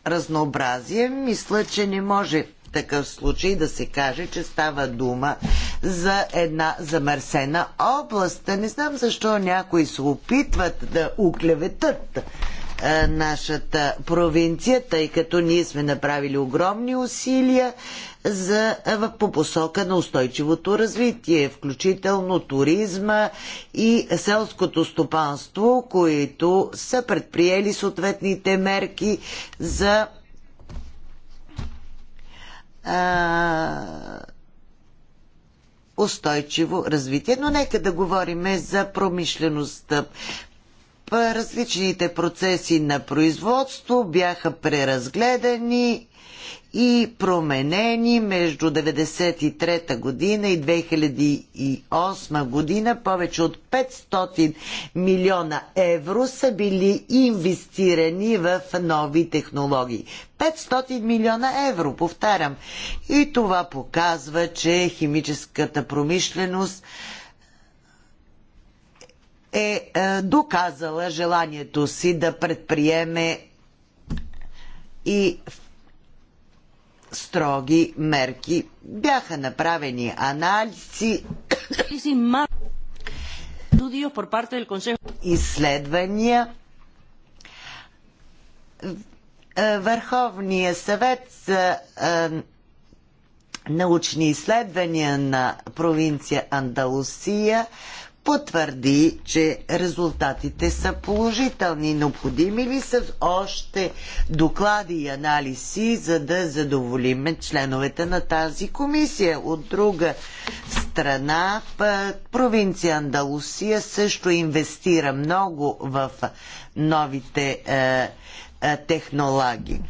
разнообразие. Мисля, че не може в такъв случай да се каже, че става дума за една замърсена област. Не знам защо някои се опитват да оклеветат е, нашата провинция, тъй като ние сме направили огромни усилия за, е, по посока на устойчивото развитие, включително туризма и селското стопанство, които са предприели съответните мерки за а, е, устойчиво развитие. Но нека да говорим за промишлеността различните процеси на производство бяха преразгледани и променени между 1993 година и 2008 година. Повече от 500 милиона евро са били инвестирани в нови технологии. 500 милиона евро, повтарям. И това показва, че химическата промишленост е, е доказала желанието си да предприеме и строги мерки. Бяха направени анализи изследвания. Върховния съвет за е, научни изследвания на провинция Андалусия потвърди, че резултатите са положителни. Необходими ли са още доклади и анализи, за да задоволиме членовете на тази комисия? От друга страна, провинция Андалусия също инвестира много в новите е, е, технологии.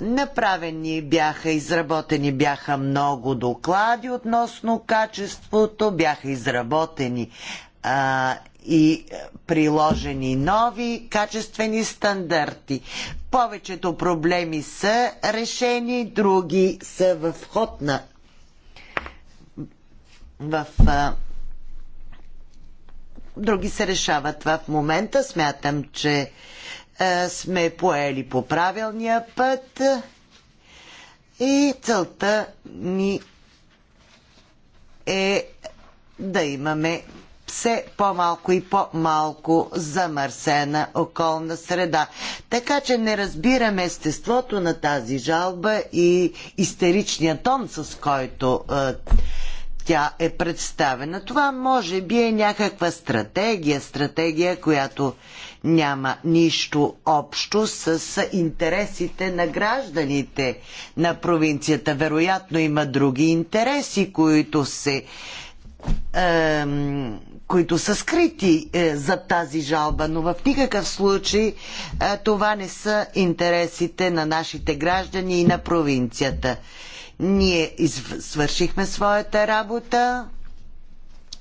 Направени бяха, изработени бяха много доклади относно качеството, бяха изработени а, и приложени нови качествени стандарти. Повечето проблеми са решени, други са в ход на в а, други се решават в момента. Смятам, че е, сме поели по правилния път и целта ни е да имаме все по-малко и по-малко замърсена околна среда. Така че не разбираме естеството на тази жалба и истеричния тон, с който а, е, тя е представена. Това може би е някаква стратегия, стратегия, която няма нищо общо с интересите на гражданите на провинцията. Вероятно има други интереси, които се е, които са скрити е, за тази жалба, но в никакъв случай е, това не са интересите на нашите граждани и на провинцията. Ние свършихме своята работа.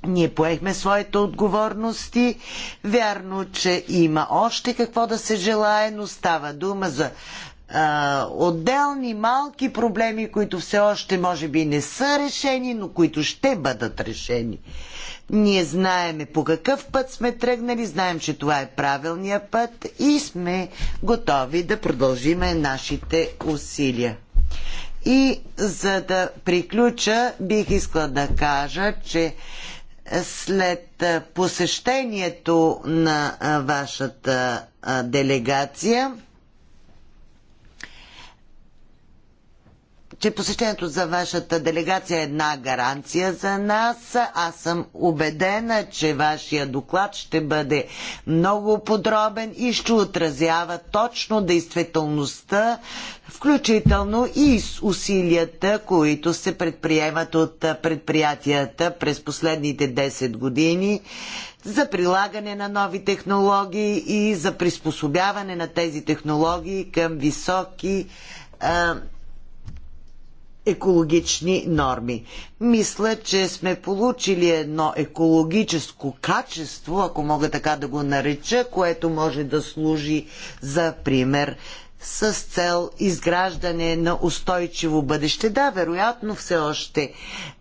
Ние поехме своите отговорности. Вярно, че има още какво да се желае, но става дума за а, отделни малки проблеми, които все още може би не са решени, но които ще бъдат решени. Ние знаеме по какъв път сме тръгнали, знаем, че това е правилния път и сме готови да продължиме нашите усилия. И за да приключа, бих искала да кажа, че след посещението на вашата делегация, че посещението за вашата делегация е една гаранция за нас. Аз съм убедена, че вашия доклад ще бъде много подробен и ще отразява точно действителността, включително и усилията, които се предприемат от предприятията през последните 10 години за прилагане на нови технологии и за приспособяване на тези технологии към високи екологични норми. Мисля, че сме получили едно екологическо качество, ако мога така да го нареча, което може да служи за пример с цел изграждане на устойчиво бъдеще. Да, вероятно все още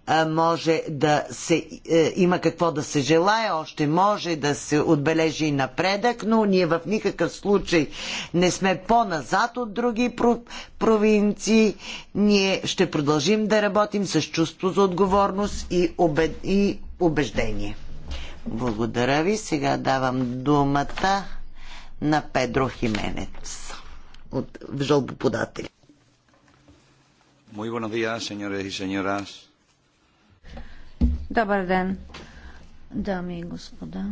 е, може да се е, има какво да се желая, още може да се отбележи напредък, но ние в никакъв случай не сме по-назад от други провинции. Ние ще продължим да работим с чувство за отговорност и убеждение. Благодаря ви. Сега давам думата на Педро Хименец от жалбоподатели. Добър ден, дами и господа.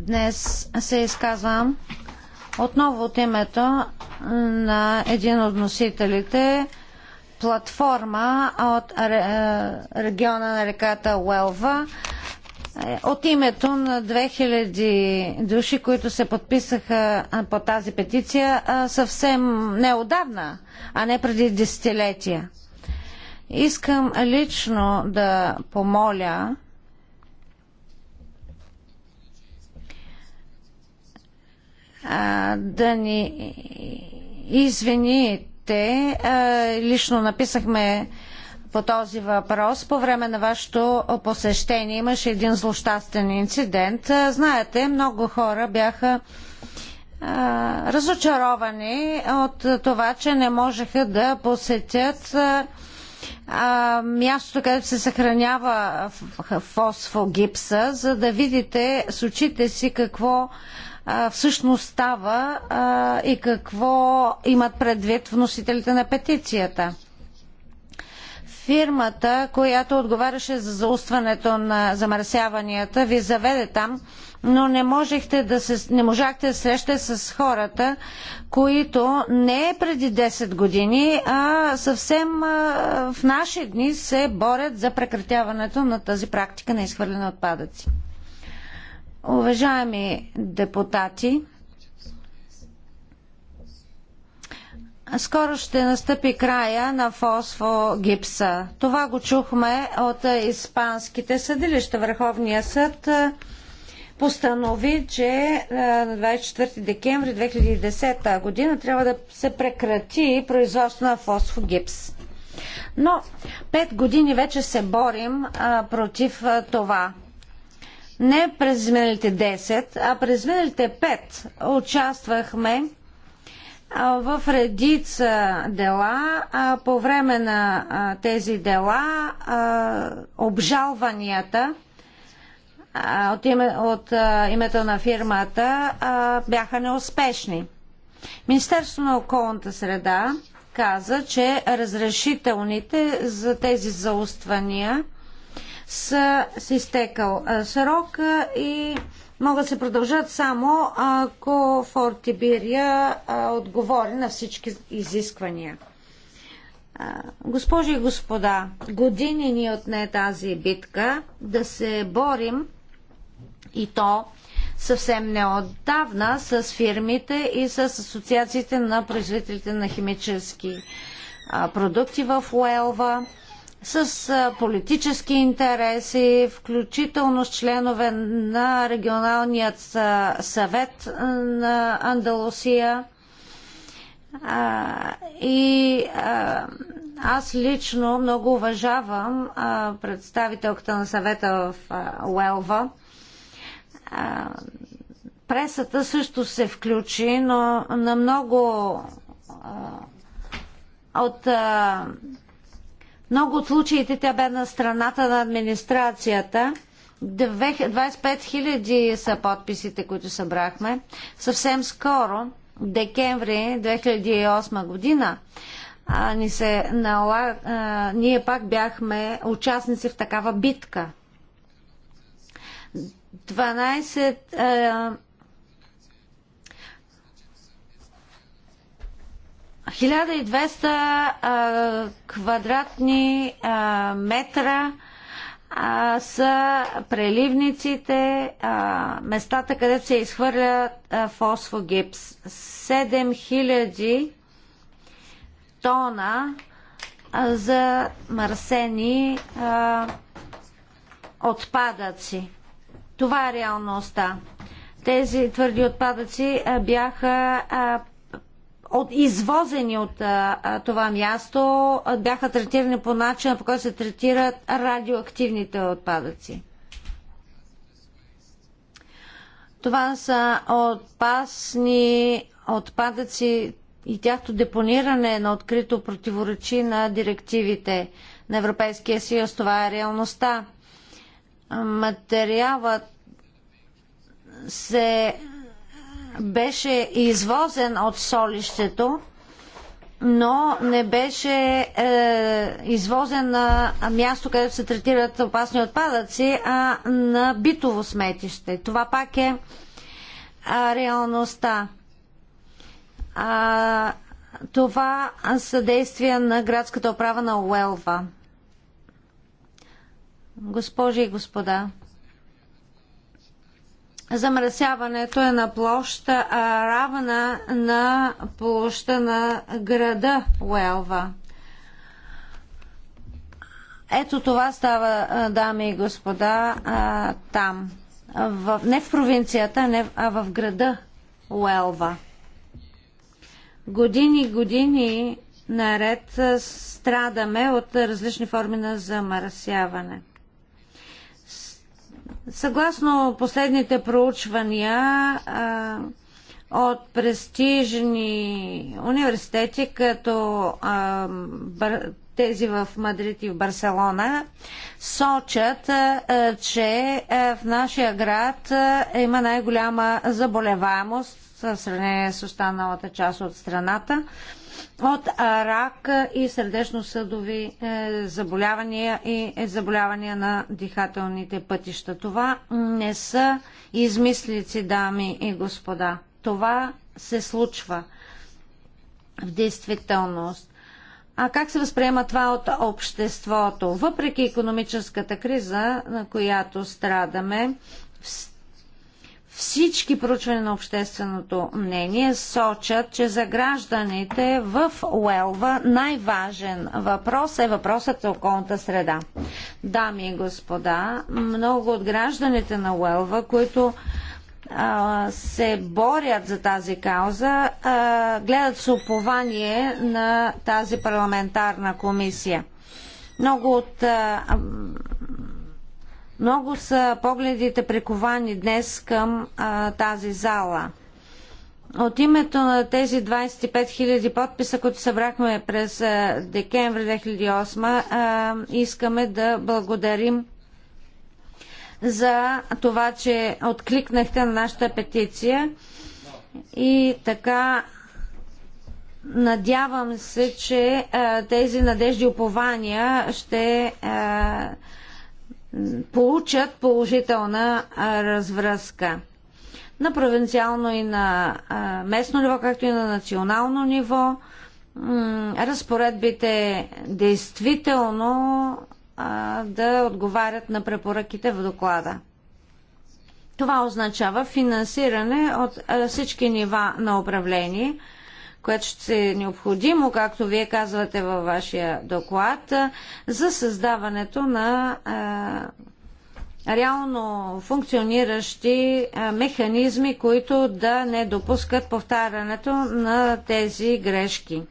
Днес се изказвам отново от името на един от носителите платформа от е, региона на реката Уелва е, от името на 2000 души, които се подписаха по тази петиция съвсем неодавна, а не преди десетилетия. Искам лично да помоля да ни извините. Лично написахме по този въпрос. По време на вашето посещение имаше един злощастен инцидент. Знаете, много хора бяха а, разочаровани от това, че не можеха да посетят а, мястото, където се съхранява фосфогипса, за да видите с очите си какво всъщност става а, и какво имат предвид вносителите на петицията фирмата, която отговаряше за заустването на замърсяванията, ви заведе там, но не, можехте да се, не можахте да срещате с хората, които не преди 10 години, а съвсем в наши дни се борят за прекратяването на тази практика на изхвърляне отпадъци. Уважаеми депутати, скоро ще настъпи края на фосфогипса. Това го чухме от испанските съдилища. Върховния съд е, постанови, че е, на 24 декември 2010 година трябва да се прекрати производство на фосфогипс. Но пет години вече се борим а, е, против а, това. Не през миналите 10, а през миналите 5 участвахме в редица дела, по време на тези дела, обжалванията от, име, от името на фирмата бяха неуспешни. Министерството на околната среда каза, че разрешителните за тези зауствания са с изтекал срок и могат да се продължат само ако Фортибирия отговори на всички изисквания. Госпожи и господа, години ни отне тази битка да се борим и то съвсем неотдавна с фирмите и с асоциациите на производителите на химически продукти в Уелва с политически интереси, включително с членове на регионалният съвет на Андалусия. и аз лично много уважавам представителката на съвета в Уелва. пресата също се включи, но на много от а, много от случаите тя бе на страната на администрацията. 25 000 са подписите, които събрахме. Съвсем скоро, декември 2008 година, а, ни се нала... а, ние пак бяхме участници в такава битка. 12 а, е, 1200 а, квадратни а, метра а, са преливниците, а, местата където се изхвърля фосфогипс. 7000 тона а, за мърсени а, отпадъци. Това е реалността. Тези твърди отпадъци а, бяха а, от, извозени от а, това място, бяха третирани по начина, по който се третират радиоактивните отпадъци. Това са отпасни отпадъци и тяхто депониране на открито противоречи на директивите на Европейския съюз. Това е реалността. Материалът се беше извозен от солището, но не беше е, извозен на място, където се третират опасни отпадъци, а на битово сметище. Това пак е а, реалността. А, това са действия на градската управа на Уелва. Госпожи и господа, замърсяването е на площа равна на площа на града Уелва. Ето това става, дами и господа, там. В, не в провинцията, не, а в града Уелва. Години, години наред страдаме от различни форми на замърсяване. Съгласно последните проучвания а, от престижни университети, като а, бър, тези в Мадрид и в Барселона, сочат, а, че в нашия град има най-голяма заболеваемост в сравнение с останалата част от страната от рак и сърдечно-съдови е, заболявания и е, заболявания на дихателните пътища. Това не са измислици, дами и господа. Това се случва в действителност. А как се възприема това от обществото? Въпреки економическата криза, на която страдаме, всички проучвания на общественото мнение сочат, че за гражданите в Уелва най-важен въпрос е въпросът за околната среда. Дами и господа, много от гражданите на Уелва, които а, се борят за тази кауза, а, гледат с упование на тази парламентарна комисия. Много от а, много са погледите приковани днес към а, тази зала. От името на тези 25 000 подписа, които събрахме през а, декември 2008, а, искаме да благодарим за това, че откликнахте на нашата петиция и така надявам се, че а, тези надежди и упования ще а, получат положителна развръзка. На провинциално и на местно ниво, както и на национално ниво, разпоредбите действително да отговарят на препоръките в доклада. Това означава финансиране от всички нива на управление – което ще е необходимо, както вие казвате във вашия доклад, за създаването на реално функциониращи механизми, които да не допускат повтарянето на тези грешки.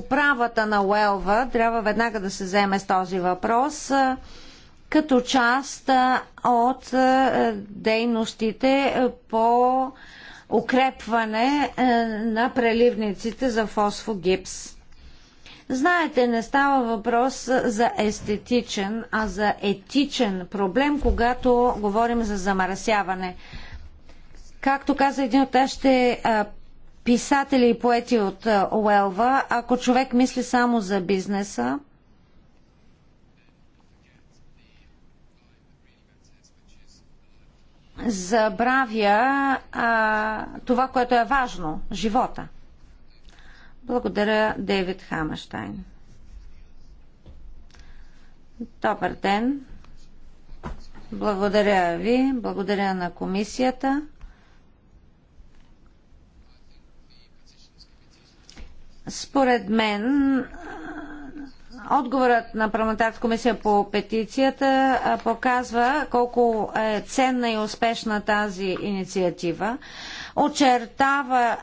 Управата на Уелва трябва веднага да се вземе с този въпрос като част от дейностите по укрепване на преливниците за фосфогипс. Знаете, не става въпрос за естетичен, а за етичен проблем, когато говорим за замърсяване. Както каза един от нашите писатели и поети от Уелва, ако човек мисли само за бизнеса, забравя а, това, което е важно живота. Благодаря, Дейвид Хамаштайн. Добър ден. Благодаря ви. Благодаря на комисията. Според мен Отговорът на парламентарната комисия по петицията показва колко е ценна и успешна тази инициатива. Очертава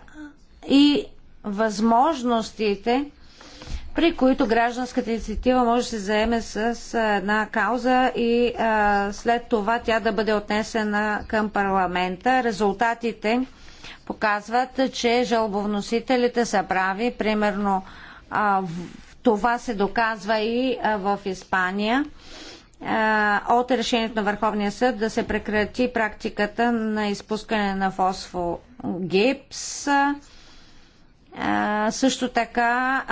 и възможностите, при които гражданската инициатива може да се заеме с една кауза и а, след това тя да бъде отнесена към парламента. Резултатите показват, че жалбовносителите са прави. Примерно а, това се доказва и в Испания от решението на Върховния съд да се прекрати практиката на изпускане на фосфогипс. Също така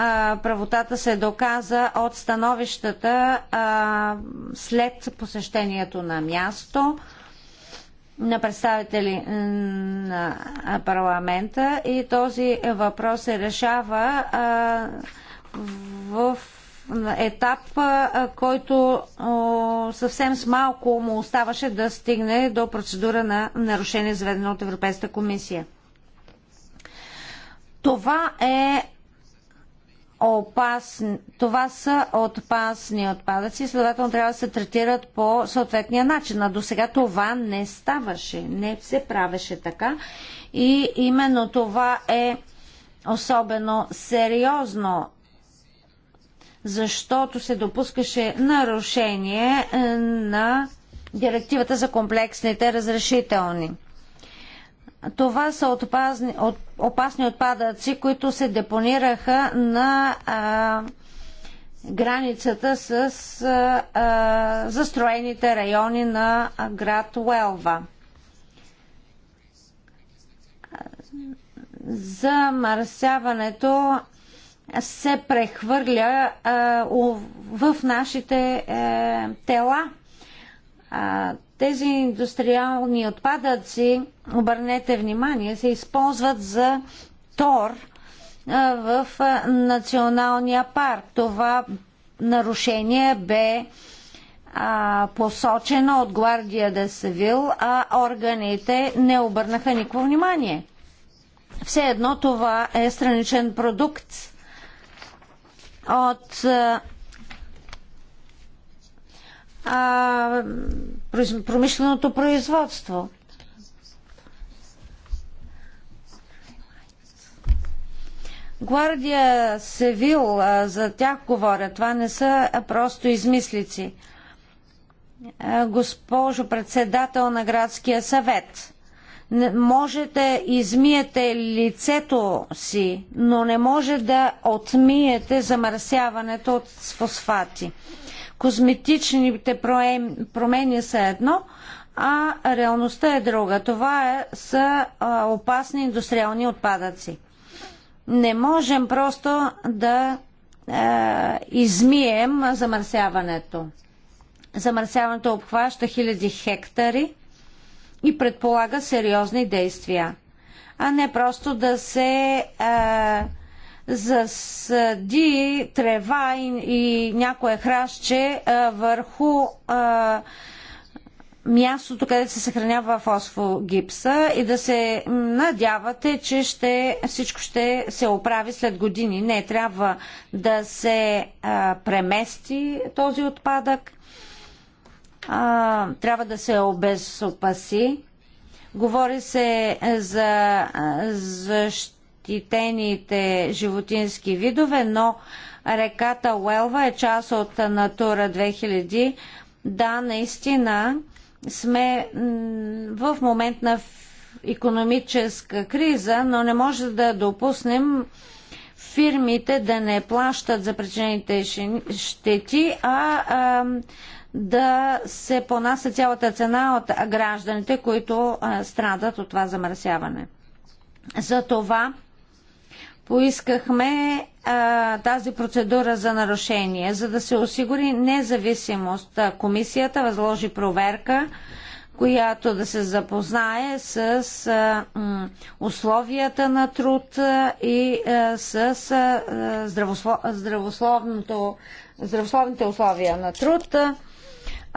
правотата се доказа от становищата след посещението на място на представители на парламента и този въпрос се решава в етап, който съвсем с малко му оставаше да стигне до процедура на нарушение, заведено от Европейската комисия. Това е опасни, това са опасни отпадъци, следователно трябва да се третират по съответния начин. А до сега това не ставаше, не се правеше така. И именно това е особено сериозно защото се допускаше нарушение е, на директивата за комплексните разрешителни. Това са отпазни, от, опасни отпадъци, които се депонираха на а, границата с а, а, застроените райони на град Уелва. Замърсяването се прехвърля в нашите е, тела. Тези индустриални отпадъци, обърнете внимание, се използват за тор в националния парк. Това нарушение бе а, от Гвардия де Севил, а органите не обърнаха никакво внимание. Все едно това е страничен продукт от а, промишленото производство. Гвардия Севил, за тях говоря, това не са просто измислици. Госпожо председател на градския съвет, може да измиете лицето си, но не може да отмиете замърсяването от фосфати. Козметичните промени са едно, а реалността е друга. Това е, са а, опасни индустриални отпадъци. Не можем просто да а, е, измием замърсяването. Замърсяването обхваща хиляди хектари – и предполага сериозни действия, а не просто да се а, е, засъди трева и, и някое храще а, е, върху а, е, мястото, където се съхранява фосфогипса и да се надявате, че ще, всичко ще се оправи след години. Не, трябва да се а, премести този отпадък а, трябва да се обезопаси. Говори се е, за защитените животински видове, но реката Уелва е част от Натура 2000. Да, наистина сме в момент на економическа криза, но не може да допуснем фирмите да не плащат за причинените щети, а, а да се понася цялата цена от гражданите, които страдат от това замърсяване. Затова поискахме а, тази процедура за нарушение, за да се осигури независимост. Комисията възложи проверка, която да се запознае с а, м, условията на труд и а, с а, здравослов, здравословното, здравословните условия на труд.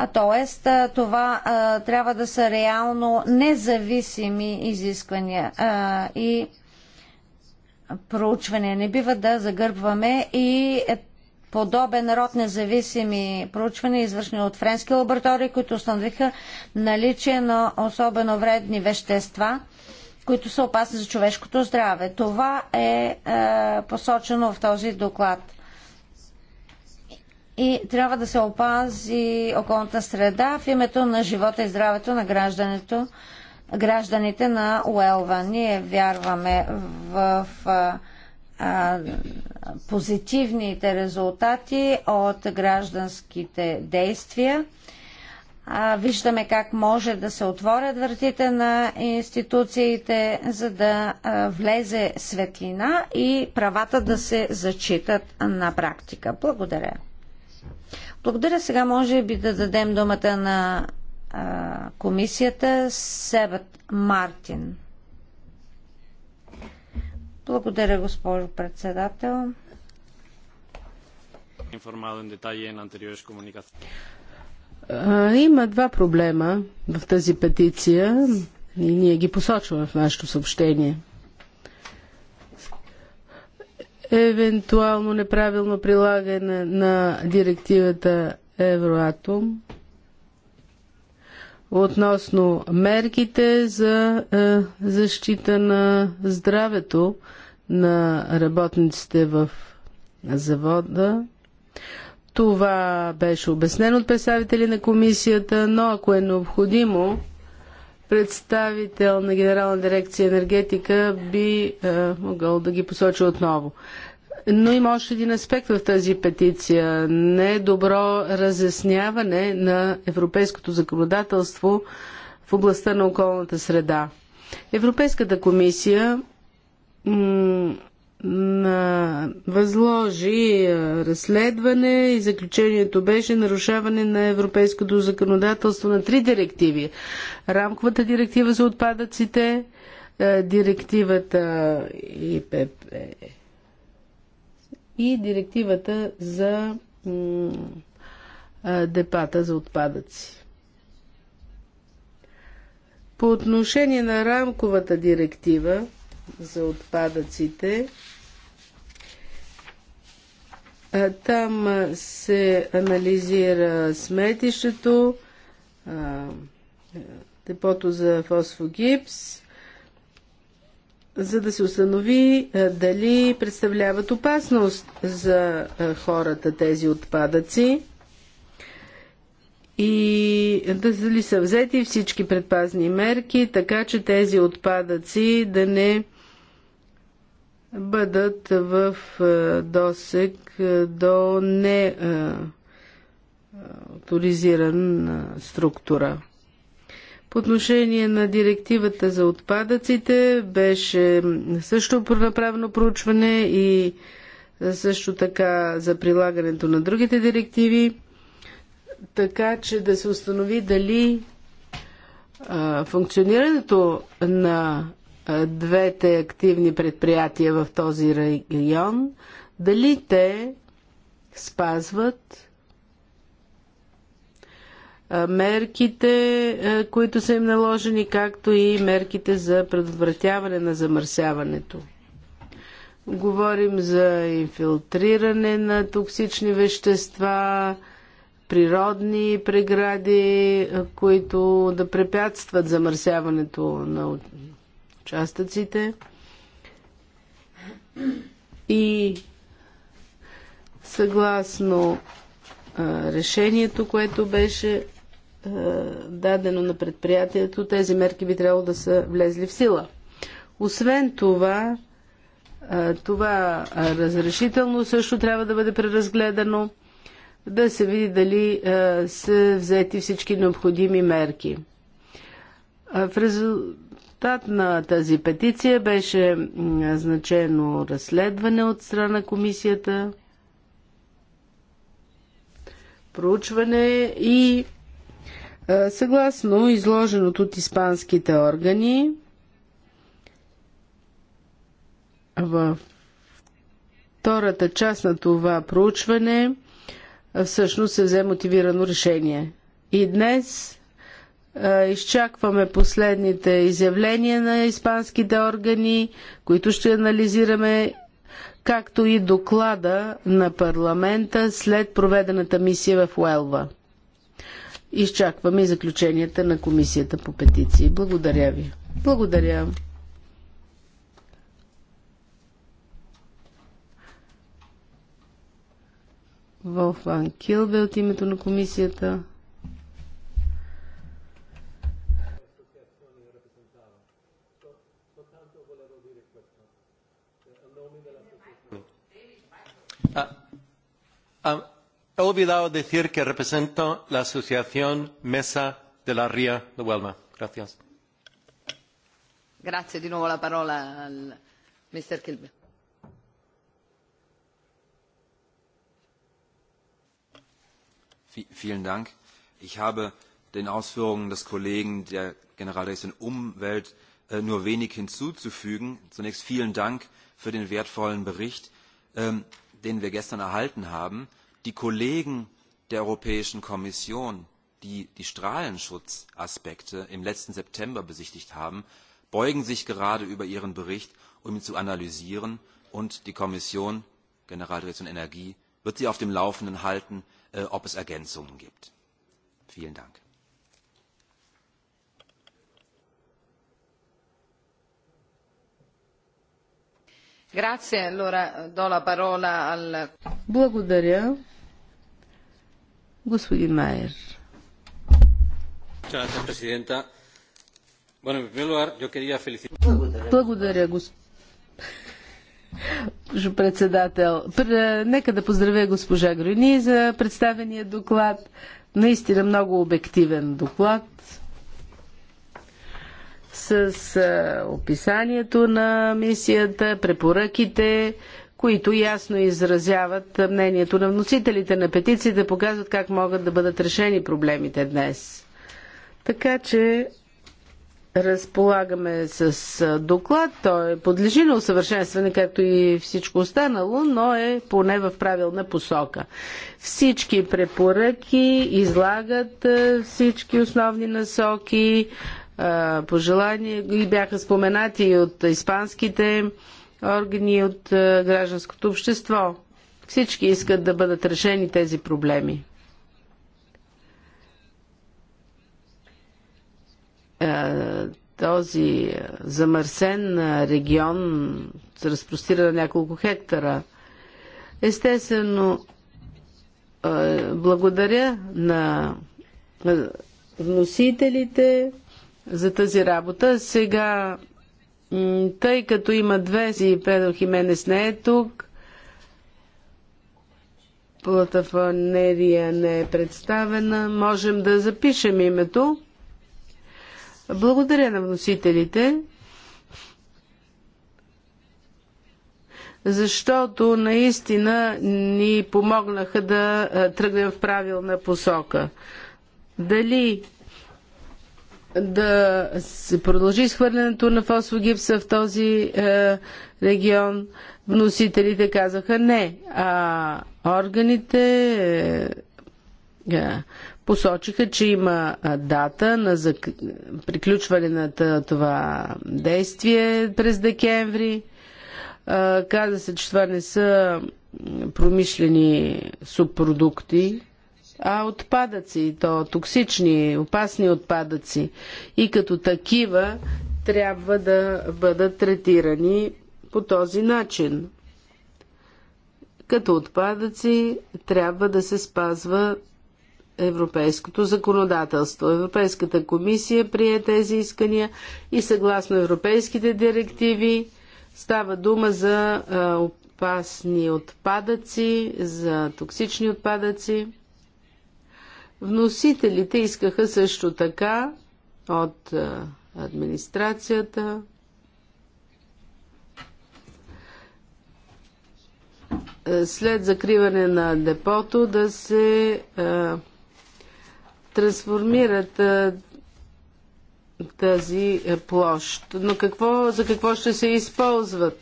А т.е. това а, трябва да са реално независими изисквания а, и проучвания. Не бива да загърбваме и подобен род независими проучвания, извършени от френски лаборатории, които установиха наличие на особено вредни вещества, които са опасни за човешкото здраве. Това е, е посочено в този доклад и трябва да се опази околната среда в името на живота и здравето на гражданите на Уелва. Ние вярваме в а, а, позитивните резултати от гражданските действия. А, виждаме как може да се отворят вратите на институциите, за да а, влезе светлина и правата да се зачитат на практика. Благодаря. Благодаря. Сега може би да дадем думата на а, комисията Себът Мартин. Благодаря, госпожо председател. Има два проблема в тази петиция и ние ги посочваме в нашето съобщение – евентуално неправилно прилагане на директивата Евроатом относно мерките за е, защита на здравето на работниците в завода. Това беше обяснено от представители на комисията, но ако е необходимо, представител на Генерална дирекция енергетика би е, могъл да ги посочи отново. Но има още един аспект в тази петиция. Не е добро разясняване на европейското законодателство в областта на околната среда. Европейската комисия възложи разследване и заключението беше нарушаване на европейското законодателство на три директиви. Рамковата директива за отпадъците, директивата ИПП и директивата за депата за отпадъци. По отношение на рамковата директива, за отпадъците. Там се анализира сметището, депото за фосфогипс, за да се установи дали представляват опасност за хората тези отпадъци и дали са взети всички предпазни мерки, така че тези отпадъци да не бъдат в е, досек е, до не е, авторизиран структура. По отношение на директивата за отпадъците беше също направено проучване и също така за прилагането на другите директиви, така че да се установи дали а, функционирането на двете активни предприятия в този регион, дали те спазват мерките, които са им наложени, както и мерките за предотвратяване на замърсяването. Говорим за инфилтриране на токсични вещества, природни прегради, които да препятстват замърсяването на участъците и съгласно а, решението, което беше а, дадено на предприятието, тези мерки би трябвало да са влезли в сила. Освен това, а, това разрешително също трябва да бъде преразгледано, да се види дали са взети всички необходими мерки. В резултат резултат на тази петиция беше значено разследване от страна на комисията, проучване и съгласно изложеното от испанските органи в втората част на това проучване всъщност се взе мотивирано решение. И днес е, изчакваме последните изявления на испанските органи, които ще анализираме, както и доклада на парламента след проведената мисия в Уелва. Изчакваме и заключенията на комисията по петиции. Благодаря ви. Благодаря. Волфан Килбе от името на комисията. he olvidado decir que represento la Asociación Mesa de la Ría de huelva. Gracias. Vielen Dank. Ich habe den Ausführungen des Kollegen der Generaldirektion Umwelt nur wenig hinzuzufügen. Zunächst vielen Dank für den wertvollen Bericht den wir gestern erhalten haben, die Kollegen der Europäischen Kommission, die die Strahlenschutzaspekte im letzten September besichtigt haben, beugen sich gerade über ihren Bericht, um ihn zu analysieren. Und die Kommission, Generaldirektion Energie, wird sie auf dem Laufenden halten, ob es Ergänzungen gibt. Vielen Dank. Благодаря. Господин Майер. Благодаря, госпожо председател. Нека да поздравя госпожа Грюни за представения доклад. Наистина много обективен доклад с описанието на мисията, препоръките, които ясно изразяват мнението на вносителите на петициите, показват как могат да бъдат решени проблемите днес. Така че разполагаме с доклад. Той е подлежи на усъвършенстване, както и всичко останало, но е поне в правилна посока. Всички препоръки излагат всички основни насоки, пожелания и бяха споменати и от испанските органи и от гражданското общество. Всички искат да бъдат решени тези проблеми. Този замърсен регион се разпростира на няколко хектара. Естествено, благодаря на вносителите, за тази работа. Сега, тъй като има две си, Педро Хименес не е тук, платафонерия не е представена, можем да запишем името. Благодаря на вносителите, защото наистина ни помогнаха да тръгнем в правилна посока. Дали да се продължи изхвърлянето на фосфогипса в този е, регион. Вносителите казаха не, а органите е, е, посочиха, че има дата на зак... приключване на това действие през декември. Е, каза се, че това не са промишлени субпродукти, а отпадъци, то токсични, опасни отпадъци. И като такива трябва да бъдат третирани по този начин. Като отпадъци трябва да се спазва европейското законодателство. Европейската комисия прие тези искания и съгласно европейските директиви става дума за опасни отпадъци, за токсични отпадъци. Вносителите искаха също така от администрацията след закриване на депото да се а, трансформират а, тази площ. Но какво, за какво ще се използват?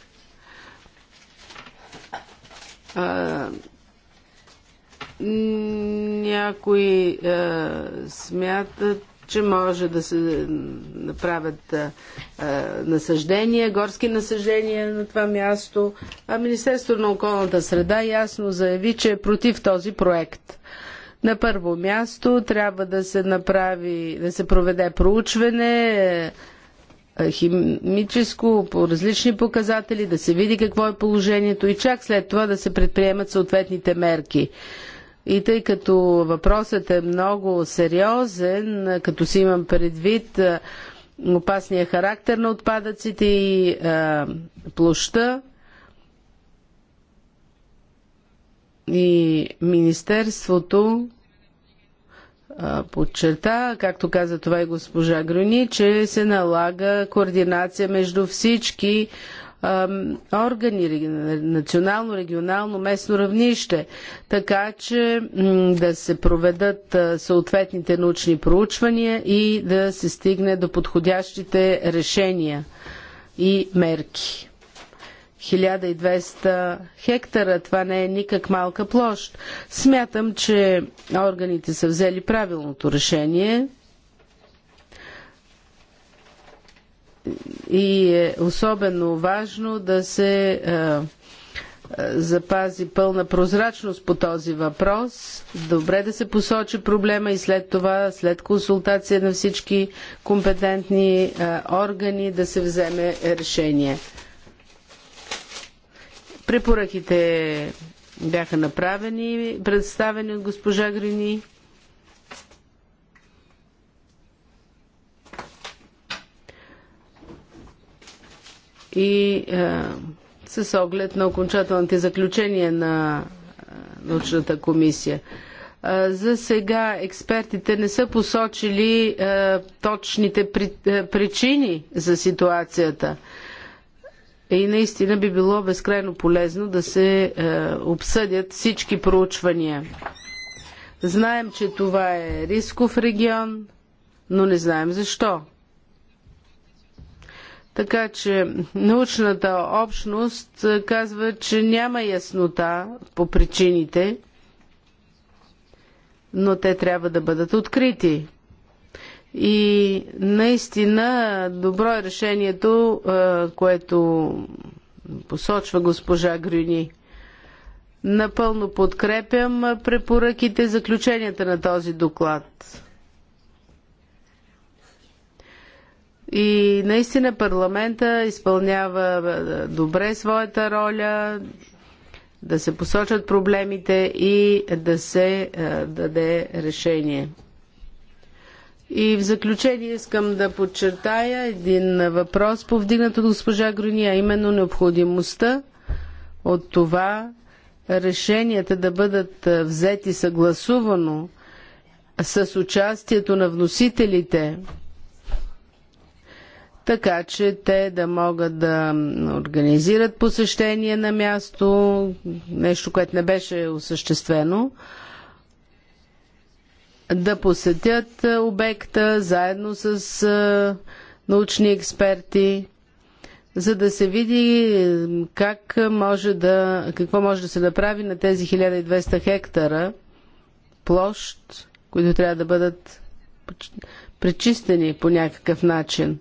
Някои е, смятат, че може да се направят е, е насъждения, горски насъждения на това място. А Министерството на околната среда ясно заяви, че е против този проект. На първо място трябва да се направи, да се проведе проучване е, е, химическо по различни показатели, да се види какво е положението и чак след това да се предприемат съответните мерки. И тъй като въпросът е много сериозен, като си имам предвид опасния характер на отпадъците и а, площа, и Министерството подчерта, както каза това и госпожа Грюни, че се налага координация между всички органи национално, регионално, местно равнище, така че да се проведат съответните научни проучвания и да се стигне до подходящите решения и мерки. 1200 хектара, това не е никак малка площ. Смятам, че органите са взели правилното решение и е особено важно да се е, е, запази пълна прозрачност по този въпрос. Добре да се посочи проблема и след това, след консултация на всички компетентни е, органи, да се вземе решение. Препоръките бяха направени, представени от госпожа Грини. и е, с оглед на окончателните заключения на е, научната комисия. Е, за сега експертите не са посочили е, точните при, е, причини за ситуацията. И наистина би било безкрайно полезно да се е, обсъдят всички проучвания. Знаем, че това е рисков регион, но не знаем защо. Така че научната общност е, казва, че няма яснота по причините, но те трябва да бъдат открити. И наистина добро е решението, е, което посочва госпожа Грюни. Напълно подкрепям препоръките, заключенията на този доклад. И наистина парламента изпълнява е, добре своята роля да се посочат проблемите и да се е, даде решение. И в заключение искам да подчертая един въпрос, повдигнат от госпожа а именно необходимостта от това решенията да бъдат е, взети съгласувано с участието на вносителите така че те да могат да организират посещение на място, нещо, което не беше осъществено, да посетят е, обекта заедно с е, научни експерти, за да се види е, как може да, какво може да се направи на тези 1200 хектара площ, които трябва да бъдат пречистени по някакъв начин.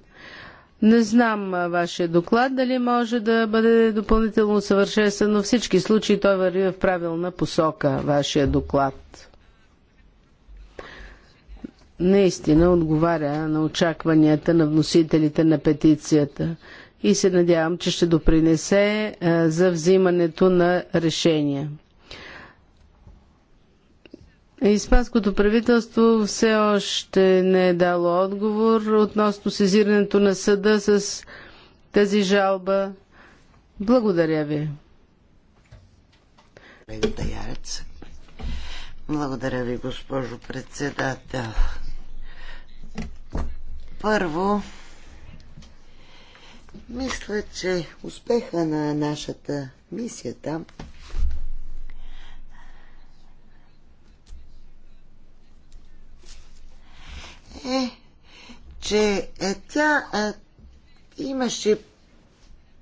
Не знам вашия доклад дали може да бъде допълнително съвършенстван, но всички случаи той върви в правилна посока, вашия доклад. Наистина отговаря на очакванията на вносителите на петицията и се надявам, че ще допринесе за взимането на решения. Испанското правителство все още не е дало отговор относно сезирането на съда с тази жалба. Благодаря ви. Благодаря ви, госпожо председател. Първо, мисля, че успеха на нашата мисия там че е, тя е, имаше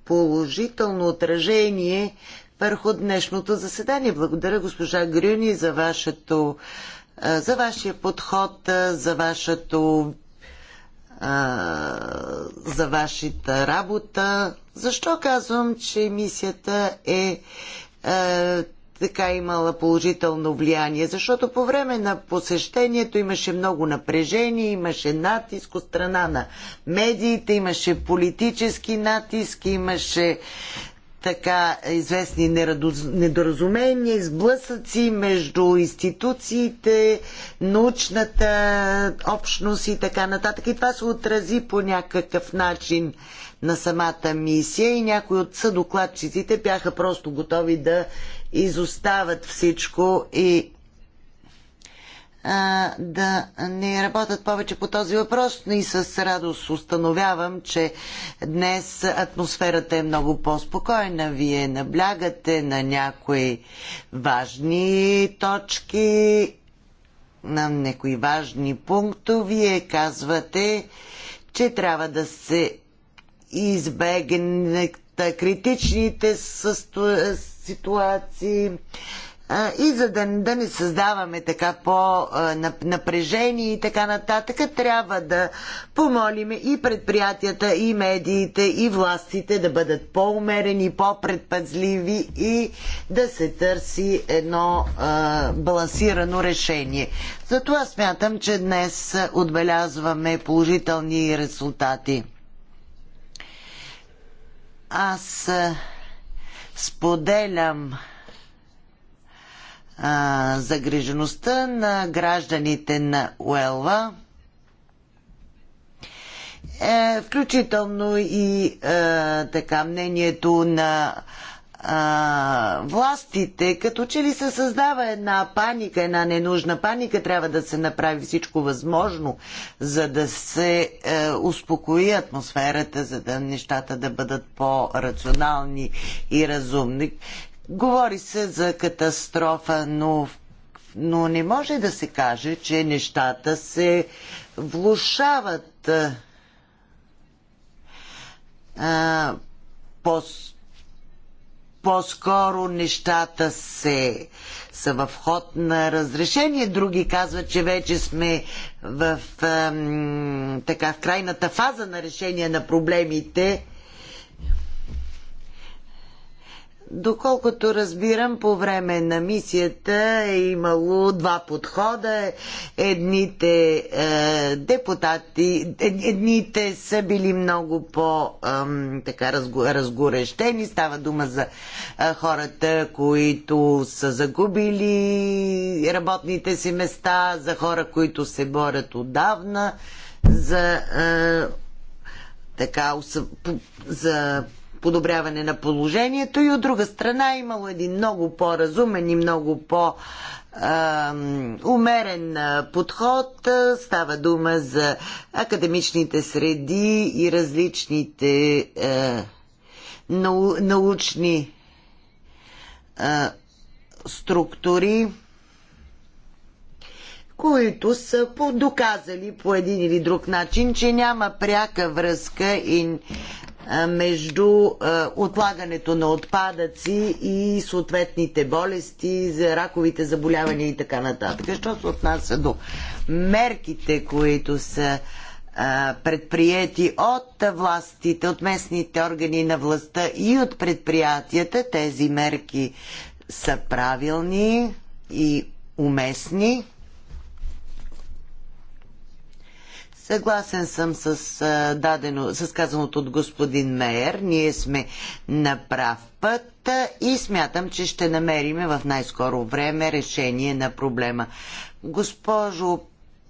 положително отражение върху днешното заседание. Благодаря госпожа Грюни за вашето е, за вашия подход, за вашето за вашата работа. Защо казвам, че мисията е, е така имала положително влияние, защото по време на посещението имаше много напрежение, имаше натиск от страна на медиите, имаше политически натиск, имаше така известни недоразумения, сблъсъци между институциите, научната общност и така нататък. И това се отрази по някакъв начин на самата мисия и някои от съдокладчиците бяха просто готови да Изостават всичко и а, да не работят повече по този въпрос, но и с радост установявам, че днес атмосферата е много по-спокойна. Вие наблягате на някои важни точки, на някои важни пунктове. Казвате, че трябва да се избегне критичните състояния ситуации и за да, да не създаваме така по-напрежение и така нататък, трябва да помолим и предприятията, и медиите, и властите да бъдат по-умерени, по-предпазливи и да се търси едно а, балансирано решение. Затова смятам, че днес отбелязваме положителни резултати. Аз. А Споделям а, загрижеността на гражданите на Уелва, е, включително и е, така мнението на а, властите, като че ли се създава една паника, една ненужна паника, трябва да се направи всичко възможно, за да се е, успокои атмосферата, за да нещата да бъдат по-рационални и разумни. Говори се за катастрофа, но, но не може да се каже, че нещата се влушават. А, е, е, по по-скоро нещата се, са в ход на разрешение. Други казват, че вече сме в, ам, така, в крайната фаза на решение на проблемите. Доколкото разбирам, по време на мисията е имало два подхода. Едните е, депутати, е, едните са били много по е, така разгорещени. Става дума за е, хората, които са загубили работните си места, за хора, които се борят отдавна, за е, така за подобряване на положението и от друга страна имало един много по-разумен и много по- умерен подход. Става дума за академичните среди и различните е, нау, научни е, структури, които са доказали по един или друг начин, че няма пряка връзка и между отлагането на отпадъци и съответните болести, за раковите заболявания и така нататък. Що се отнася до мерките, които са предприяти от властите, от местните органи на властта и от предприятията, тези мерки са правилни и уместни. Съгласен съм с, дадено, с казаното от господин Мейер. Ние сме на прав път и смятам, че ще намерим в най-скоро време решение на проблема. Госпожо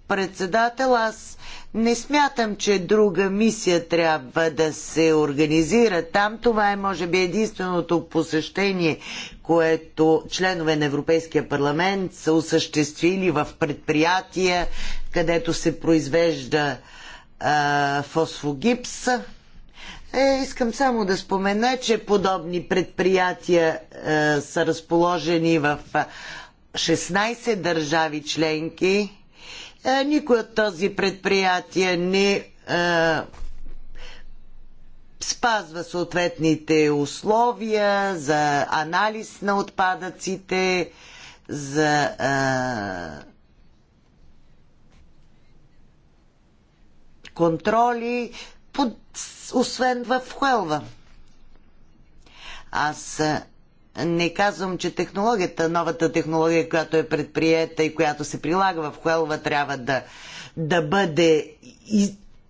председател, аз не смятам, че друга мисия трябва да се организира там. Това е, може би, единственото посещение, което членове на Европейския парламент са осъществили в предприятия, където се произвежда а, фосфогипс. Е, искам само да спомена, че подобни предприятия е, са разположени в 16 държави членки. Е, никой от този предприятия не спазва съответните условия за анализ на отпадъците, за а, контроли, под, освен в Хуелва. Аз не казвам, че технологията, новата технология, която е предприета и която се прилага в Хуелва, трябва да, да бъде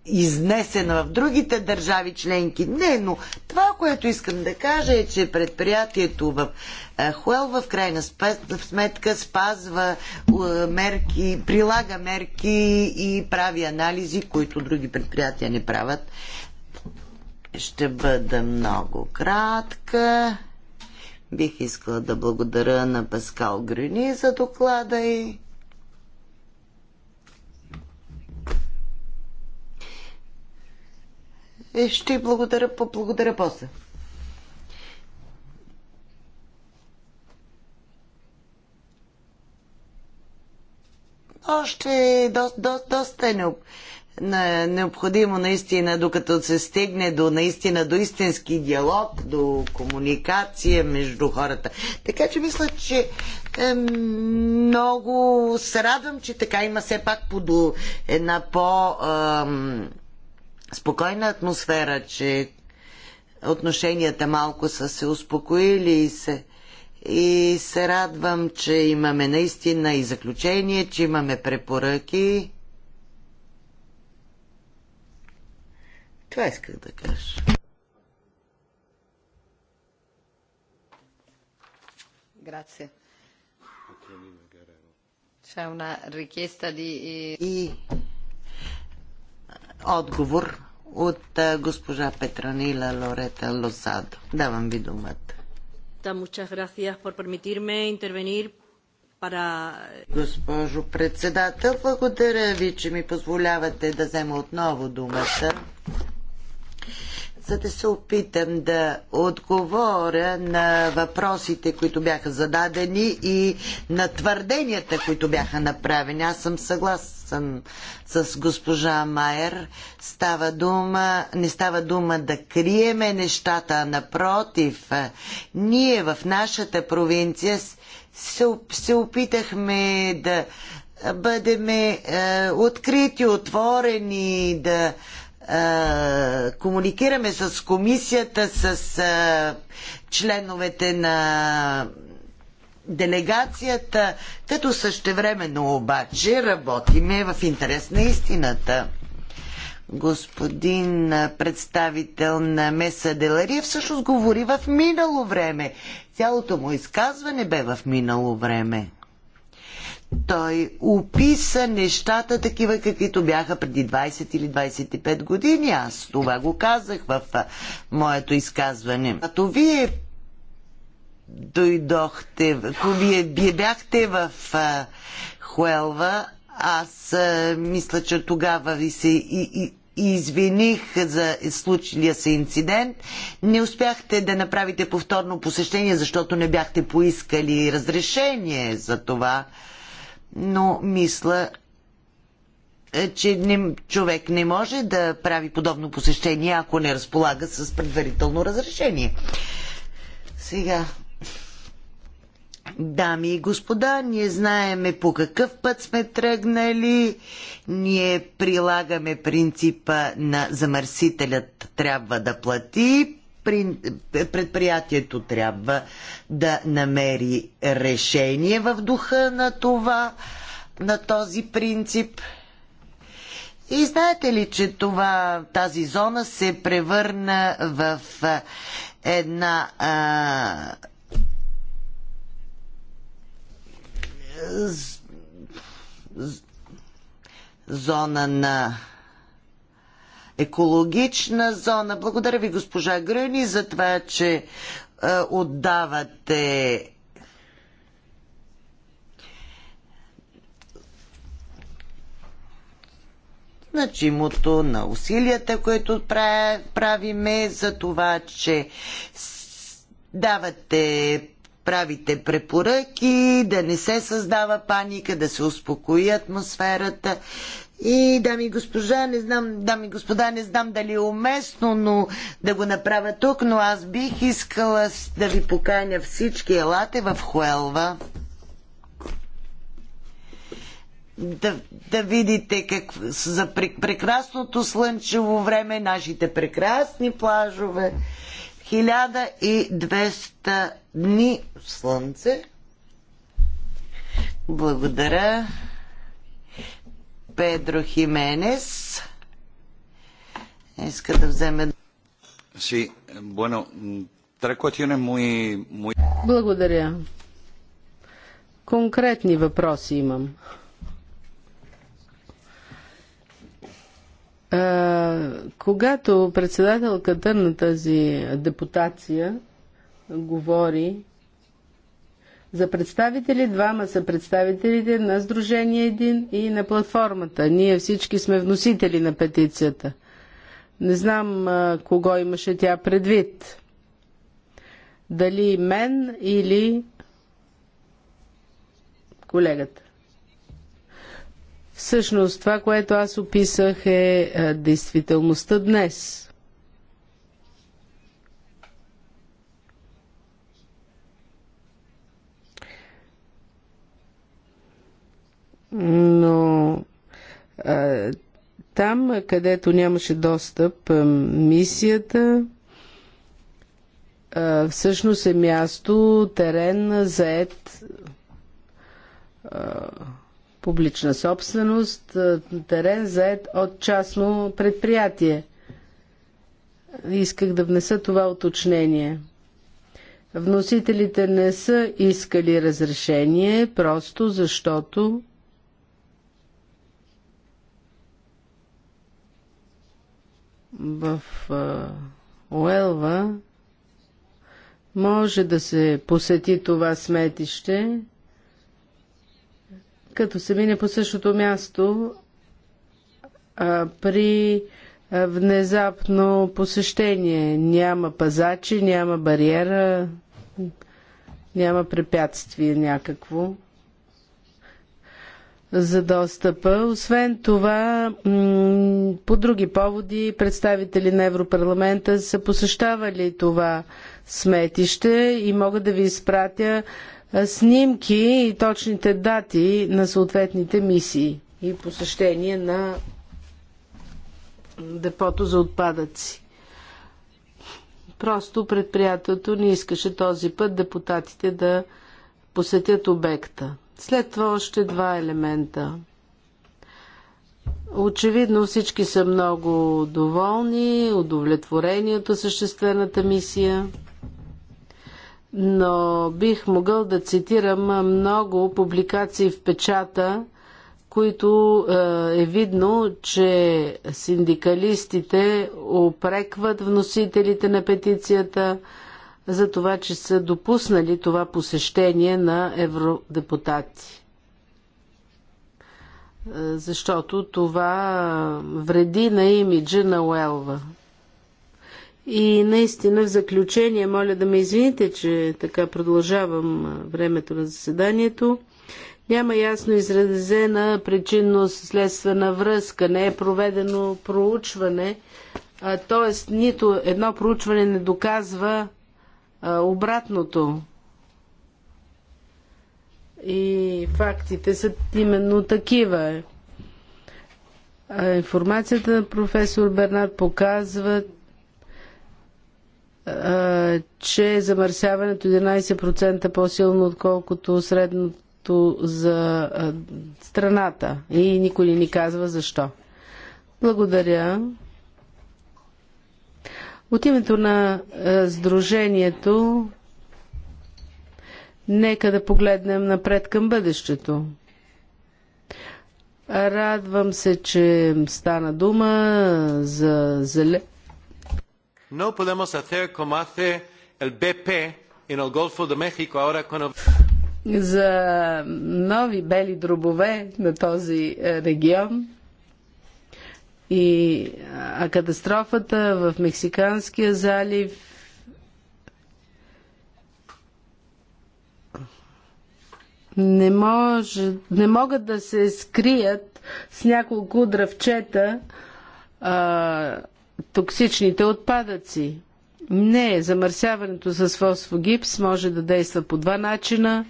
изнесена в другите държави членки. Не, но това, което искам да кажа е, че предприятието в е, Хуел в крайна сметка спазва е, мерки, прилага мерки и прави анализи, които други предприятия не правят. Ще бъда много кратка. Бих искала да благодаря на Паскал Грини за доклада и Е, ще благодаря, благодаря после. Още до, до, доста е не, необходимо наистина, докато се стигне до наистина до истински диалог, до комуникация между хората. Така че мисля, че е, много се радвам, че така има все пак под една по... Е, спокойна атмосфера, че отношенията малко са се успокоили и се, и се радвам, че имаме наистина и заключение, че имаме препоръки. Това исках да кажа. Grazie. C'è una richiesta di... И отговор от госпожа Петранила Лорета Лосадо. Давам ви думата. Госпожо председател, благодаря ви, че ми позволявате да взема отново думата, за да се опитам да отговоря на въпросите, които бяха зададени и на твърденията, които бяха направени. Аз съм съгласна съм с госпожа Майер. Става дума, не става дума да криеме нещата, а напротив. Ние в нашата провинция се, се опитахме да бъдеме е, открити, отворени, да е, комуникираме с комисията, с е, членовете на делегацията, като същевременно обаче работиме в интерес на истината. Господин представител на Меса Делария всъщност говори в минало време. Цялото му изказване бе в минало време. Той описа нещата такива, каквито бяха преди 20 или 25 години. Аз това го казах в моето изказване. Като вие дойдохте, ако вие бяхте в Хуелва, аз мисля, че тогава ви се и, и, и извиних за случилия се инцидент. Не успяхте да направите повторно посещение, защото не бяхте поискали разрешение за това. Но мисля, е, че не, човек не може да прави подобно посещение, ако не разполага с предварително разрешение. Сега, Дами и господа, ние знаеме по какъв път сме тръгнали, ние прилагаме принципа на замърсителят трябва да плати, предприятието трябва да намери решение в духа на това, на този принцип. И знаете ли, че това, тази зона се превърна в една а, зона на екологична зона. Благодаря ви, госпожа Гръни, за това, че е, отдавате значимото на усилията, които правиме за това, че давате правите препоръки, да не се създава паника, да се успокои атмосферата. И, дами и госпожа, не знам, дами и господа, не знам дали е уместно но, да го направя тук, но аз бих искала да ви поканя всички. Елате в Хуелва. Да, да видите как, за прекрасното слънчево време, нашите прекрасни плажове 1200 дни слънце. Благодаря. Педро Хименес иска да вземе. Sí, bueno, tres cuestiones muy, muy... Благодаря. Конкретни въпроси имам. когато председателката на тази депутация говори за представители, двама са представителите на Сдружение Един и на платформата. Ние всички сме вносители на петицията. Не знам а, кого имаше тя предвид. Дали мен или колегата. Всъщност това, което аз описах е, е действителността днес. Но е, там, където нямаше достъп, е, мисията всъщност е място, терен, заед публична собственост, терен заед от частно предприятие. Исках да внеса това уточнение. Вносителите не са искали разрешение, просто защото в Уелва може да се посети това сметище като се мине по същото място а, при а, внезапно посещение. Няма пазачи, няма бариера, няма препятствие някакво за достъпа. Освен това, по други поводи представители на Европарламента са посещавали това сметище и мога да ви изпратя снимки и точните дати на съответните мисии и посещение на депото за отпадъци. Просто предприятието не искаше този път депутатите да посетят обекта. След това още два елемента. Очевидно всички са много доволни, удовлетворени от осъществената мисия – но бих могъл да цитирам много публикации в печата, които е, е видно, че синдикалистите опрекват вносителите на петицията за това, че са допуснали това посещение на евродепутати. Е, защото това вреди на имиджа на Уелва. И наистина в заключение, моля да ме извините, че така продължавам времето на заседанието. Няма ясно изразена причинно-следствена връзка, не е проведено проучване, т.е. нито едно проучване не доказва а, обратното. И фактите са именно такива. А информацията на професор Бернат показват, че замърсяването 11% е по-силно, отколкото средното за страната. И никой не ни казва защо. Благодаря. От името на Сдружението, нека да погледнем напред към бъдещето. Радвам се, че стана дума за зелен. No podemos hacer como hace el BP en el Golfo de México ahora con за нови бели дробове на този е, регион. И, а катастрофата в Мексиканския залив не, може, не могат да се скрият с няколко дравчета. а, токсичните отпадъци. Не, замърсяването с фосфогипс може да действа по два начина.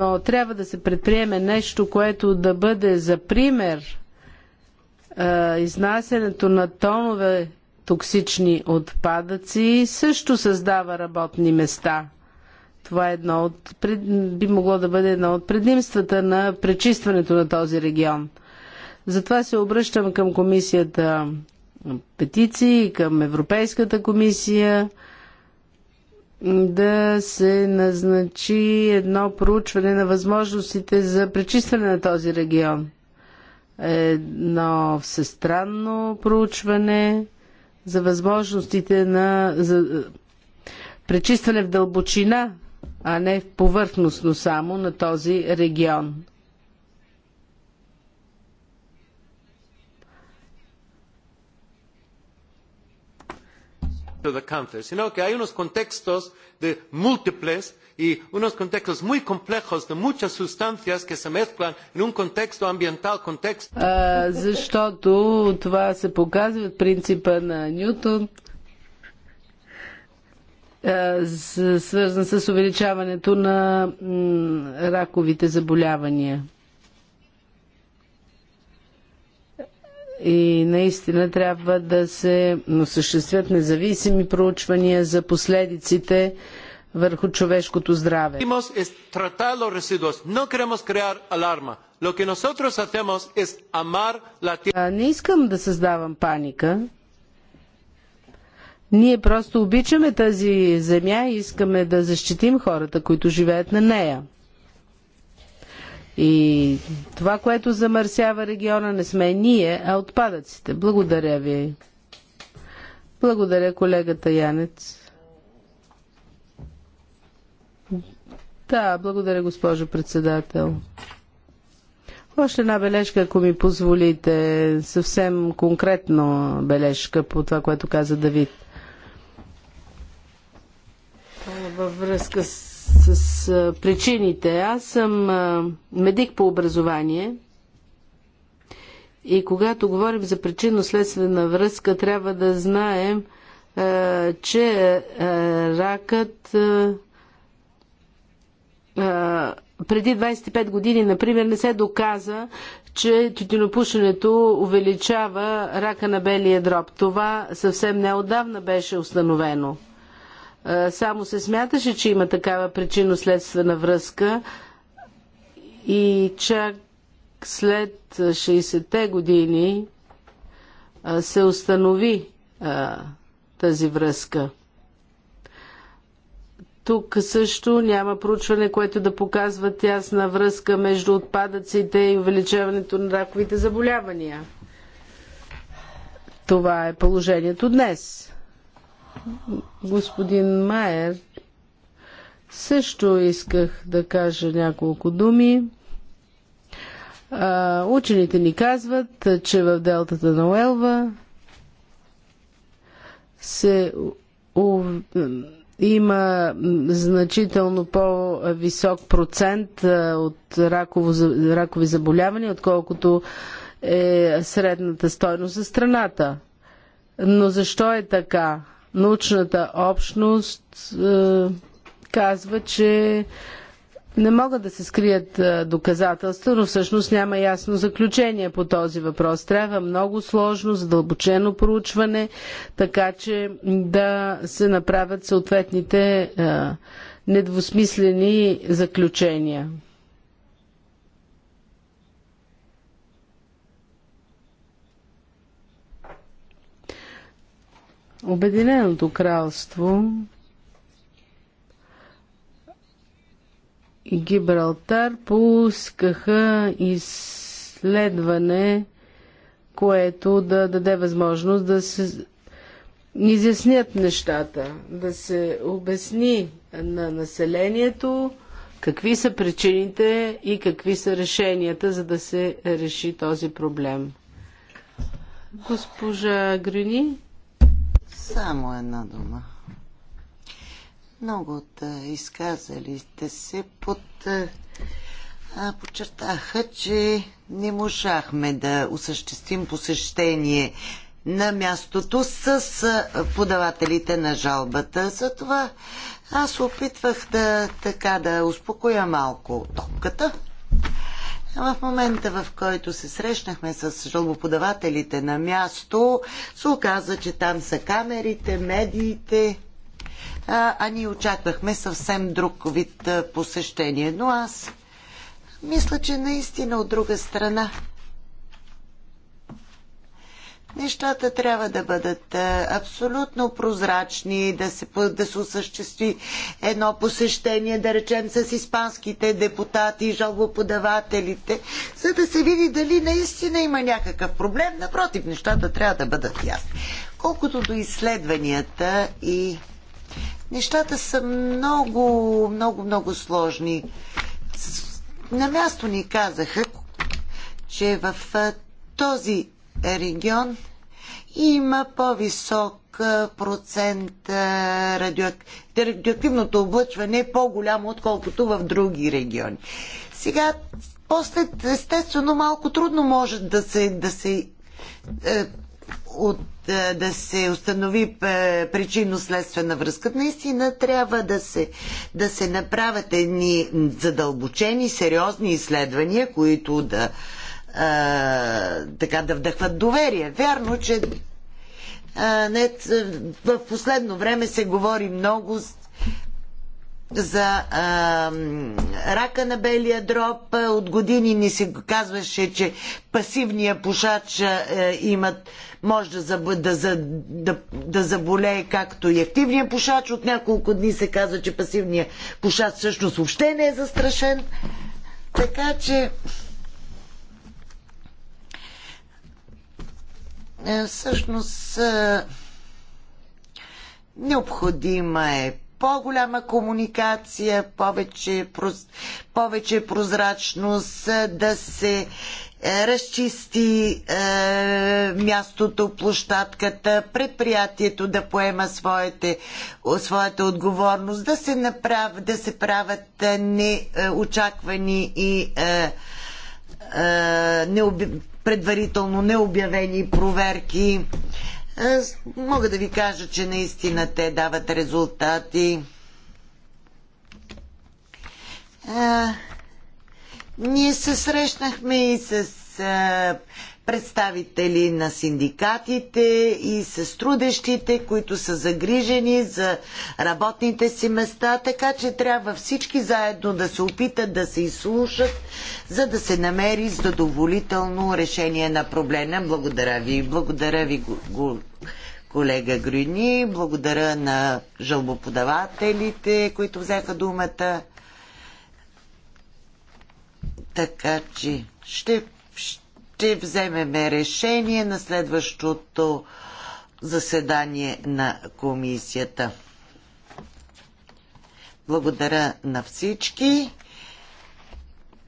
Но трябва да се предприеме нещо, което да бъде за пример изнасянето на тонове токсични отпадъци също създава работни места. Това е едно от, би могло да бъде едно от предимствата на пречистването на този регион – затова се обръщам към комисията петиции, към Европейската комисия да се назначи едно проучване на възможностите за пречистване на този регион. Едно всестранно проучване за възможностите на за е, пречистване в дълбочина, а не в повърхностно само на този регион. de cáncer, sino que hay unos contextos múltiples y unos contextos muy complejos de muchas sustancias que se mezclan en un contexto ambiental contexto. защото това се показва от принципа на Ньютон, свързан с увеличаването на раковите заболявания. и наистина трябва да се осъществят независими проучвания за последиците върху човешкото здраве. Не искам да създавам паника. Ние просто обичаме тази земя и искаме да защитим хората, които живеят на нея. И това, което замърсява региона, не сме ние, а отпадъците. Благодаря ви. Благодаря, колегата Янец. Да, благодаря, госпожо председател. Още една бележка, ако ми позволите, съвсем конкретно бележка по това, което каза Давид. Във връзка с с, с причините. Аз съм а, медик по образование и когато говорим за причинно-следствена връзка, трябва да знаем, а, че а, ракът а, преди 25 години, например, не се доказа, че тютюнопушенето увеличава рака на белия дроб. Това съвсем неодавна беше установено. Само се смяташе, че има такава причинно-следствена връзка и чак след 60-те години се установи тази връзка. Тук също няма проучване, което да показва тясна връзка между отпадъците и увеличаването на раковите заболявания. Това е положението днес господин Майер също исках да кажа няколко думи. учените ни казват, че в делтата на Уелва се у, има значително по-висок процент от раково, ракови заболявания, отколкото е средната стойност за страната. Но защо е така? научната общност е, казва, че не могат да се скрият е, доказателства, но всъщност няма ясно заключение по този въпрос. Трябва много сложно, задълбочено проучване, така че да се направят съответните е, недвусмислени заключения. Обединеното кралство и Гибралтар пускаха изследване, което да даде възможност да се изяснят нещата, да се обясни на населението какви са причините и какви са решенията, за да се реши този проблем. Госпожа Грюни. Само една дума. Много от изказалите се под, а, подчертаха, че не можахме да осъществим посещение на мястото с подавателите на жалбата. Затова аз опитвах да така да успокоя малко топката. В момента, в който се срещнахме с жалбоподавателите на място, се оказа, че там са камерите, медиите, а, а ние очаквахме съвсем друг вид посещение. Но аз мисля, че наистина от друга страна Нещата трябва да бъдат абсолютно прозрачни, да се, да се осъществи едно посещение, да речем, с испанските депутати и жалбоподавателите, за да се види дали наистина има някакъв проблем. Напротив, нещата трябва да бъдат ясни. Колкото до изследванията и нещата са много, много, много сложни. На място ни казаха, че в този регион има по-висок процент радиоак... радиоактивното облъчване е по-голямо, отколкото в други региони. Сега, после, естествено, малко трудно може да се, да се, е, от, е, да се установи е, причинно-следствена връзка. Наистина трябва да се, да се направят едни задълбочени, сериозни изследвания, които да, а, така да вдъхват доверие. Вярно, че а, не, в последно време се говори много за а, рака на белия дроб. От години ни се казваше, че пасивният пушач а, имат, може да, забо, да, за, да, да заболее както и активния пушач. От няколко дни се казва, че пасивният пушач всъщност въобще не е застрашен. Така че Е, всъщност е, необходима е по-голяма комуникация, повече, повече прозрачност, е, да се разчисти е, мястото, площадката, предприятието да поема своите, своята отговорност, да се, направ, да се правят неочаквани и е, е, необи, предварително необявени проверки. Е, мога да ви кажа, че наистина те дават резултати. Е, ние се срещнахме и с е, представители на синдикатите и с трудещите, които са загрижени за работните си места, така че трябва всички заедно да се опитат да се изслушат, за да се намери задоволително решение на проблема. Благодаря ви. Благодаря ви, колега Грюни. Благодаря на жалбоподавателите, които взеха думата. Така че ще ще вземем решение на следващото заседание на комисията. Благодаря на всички.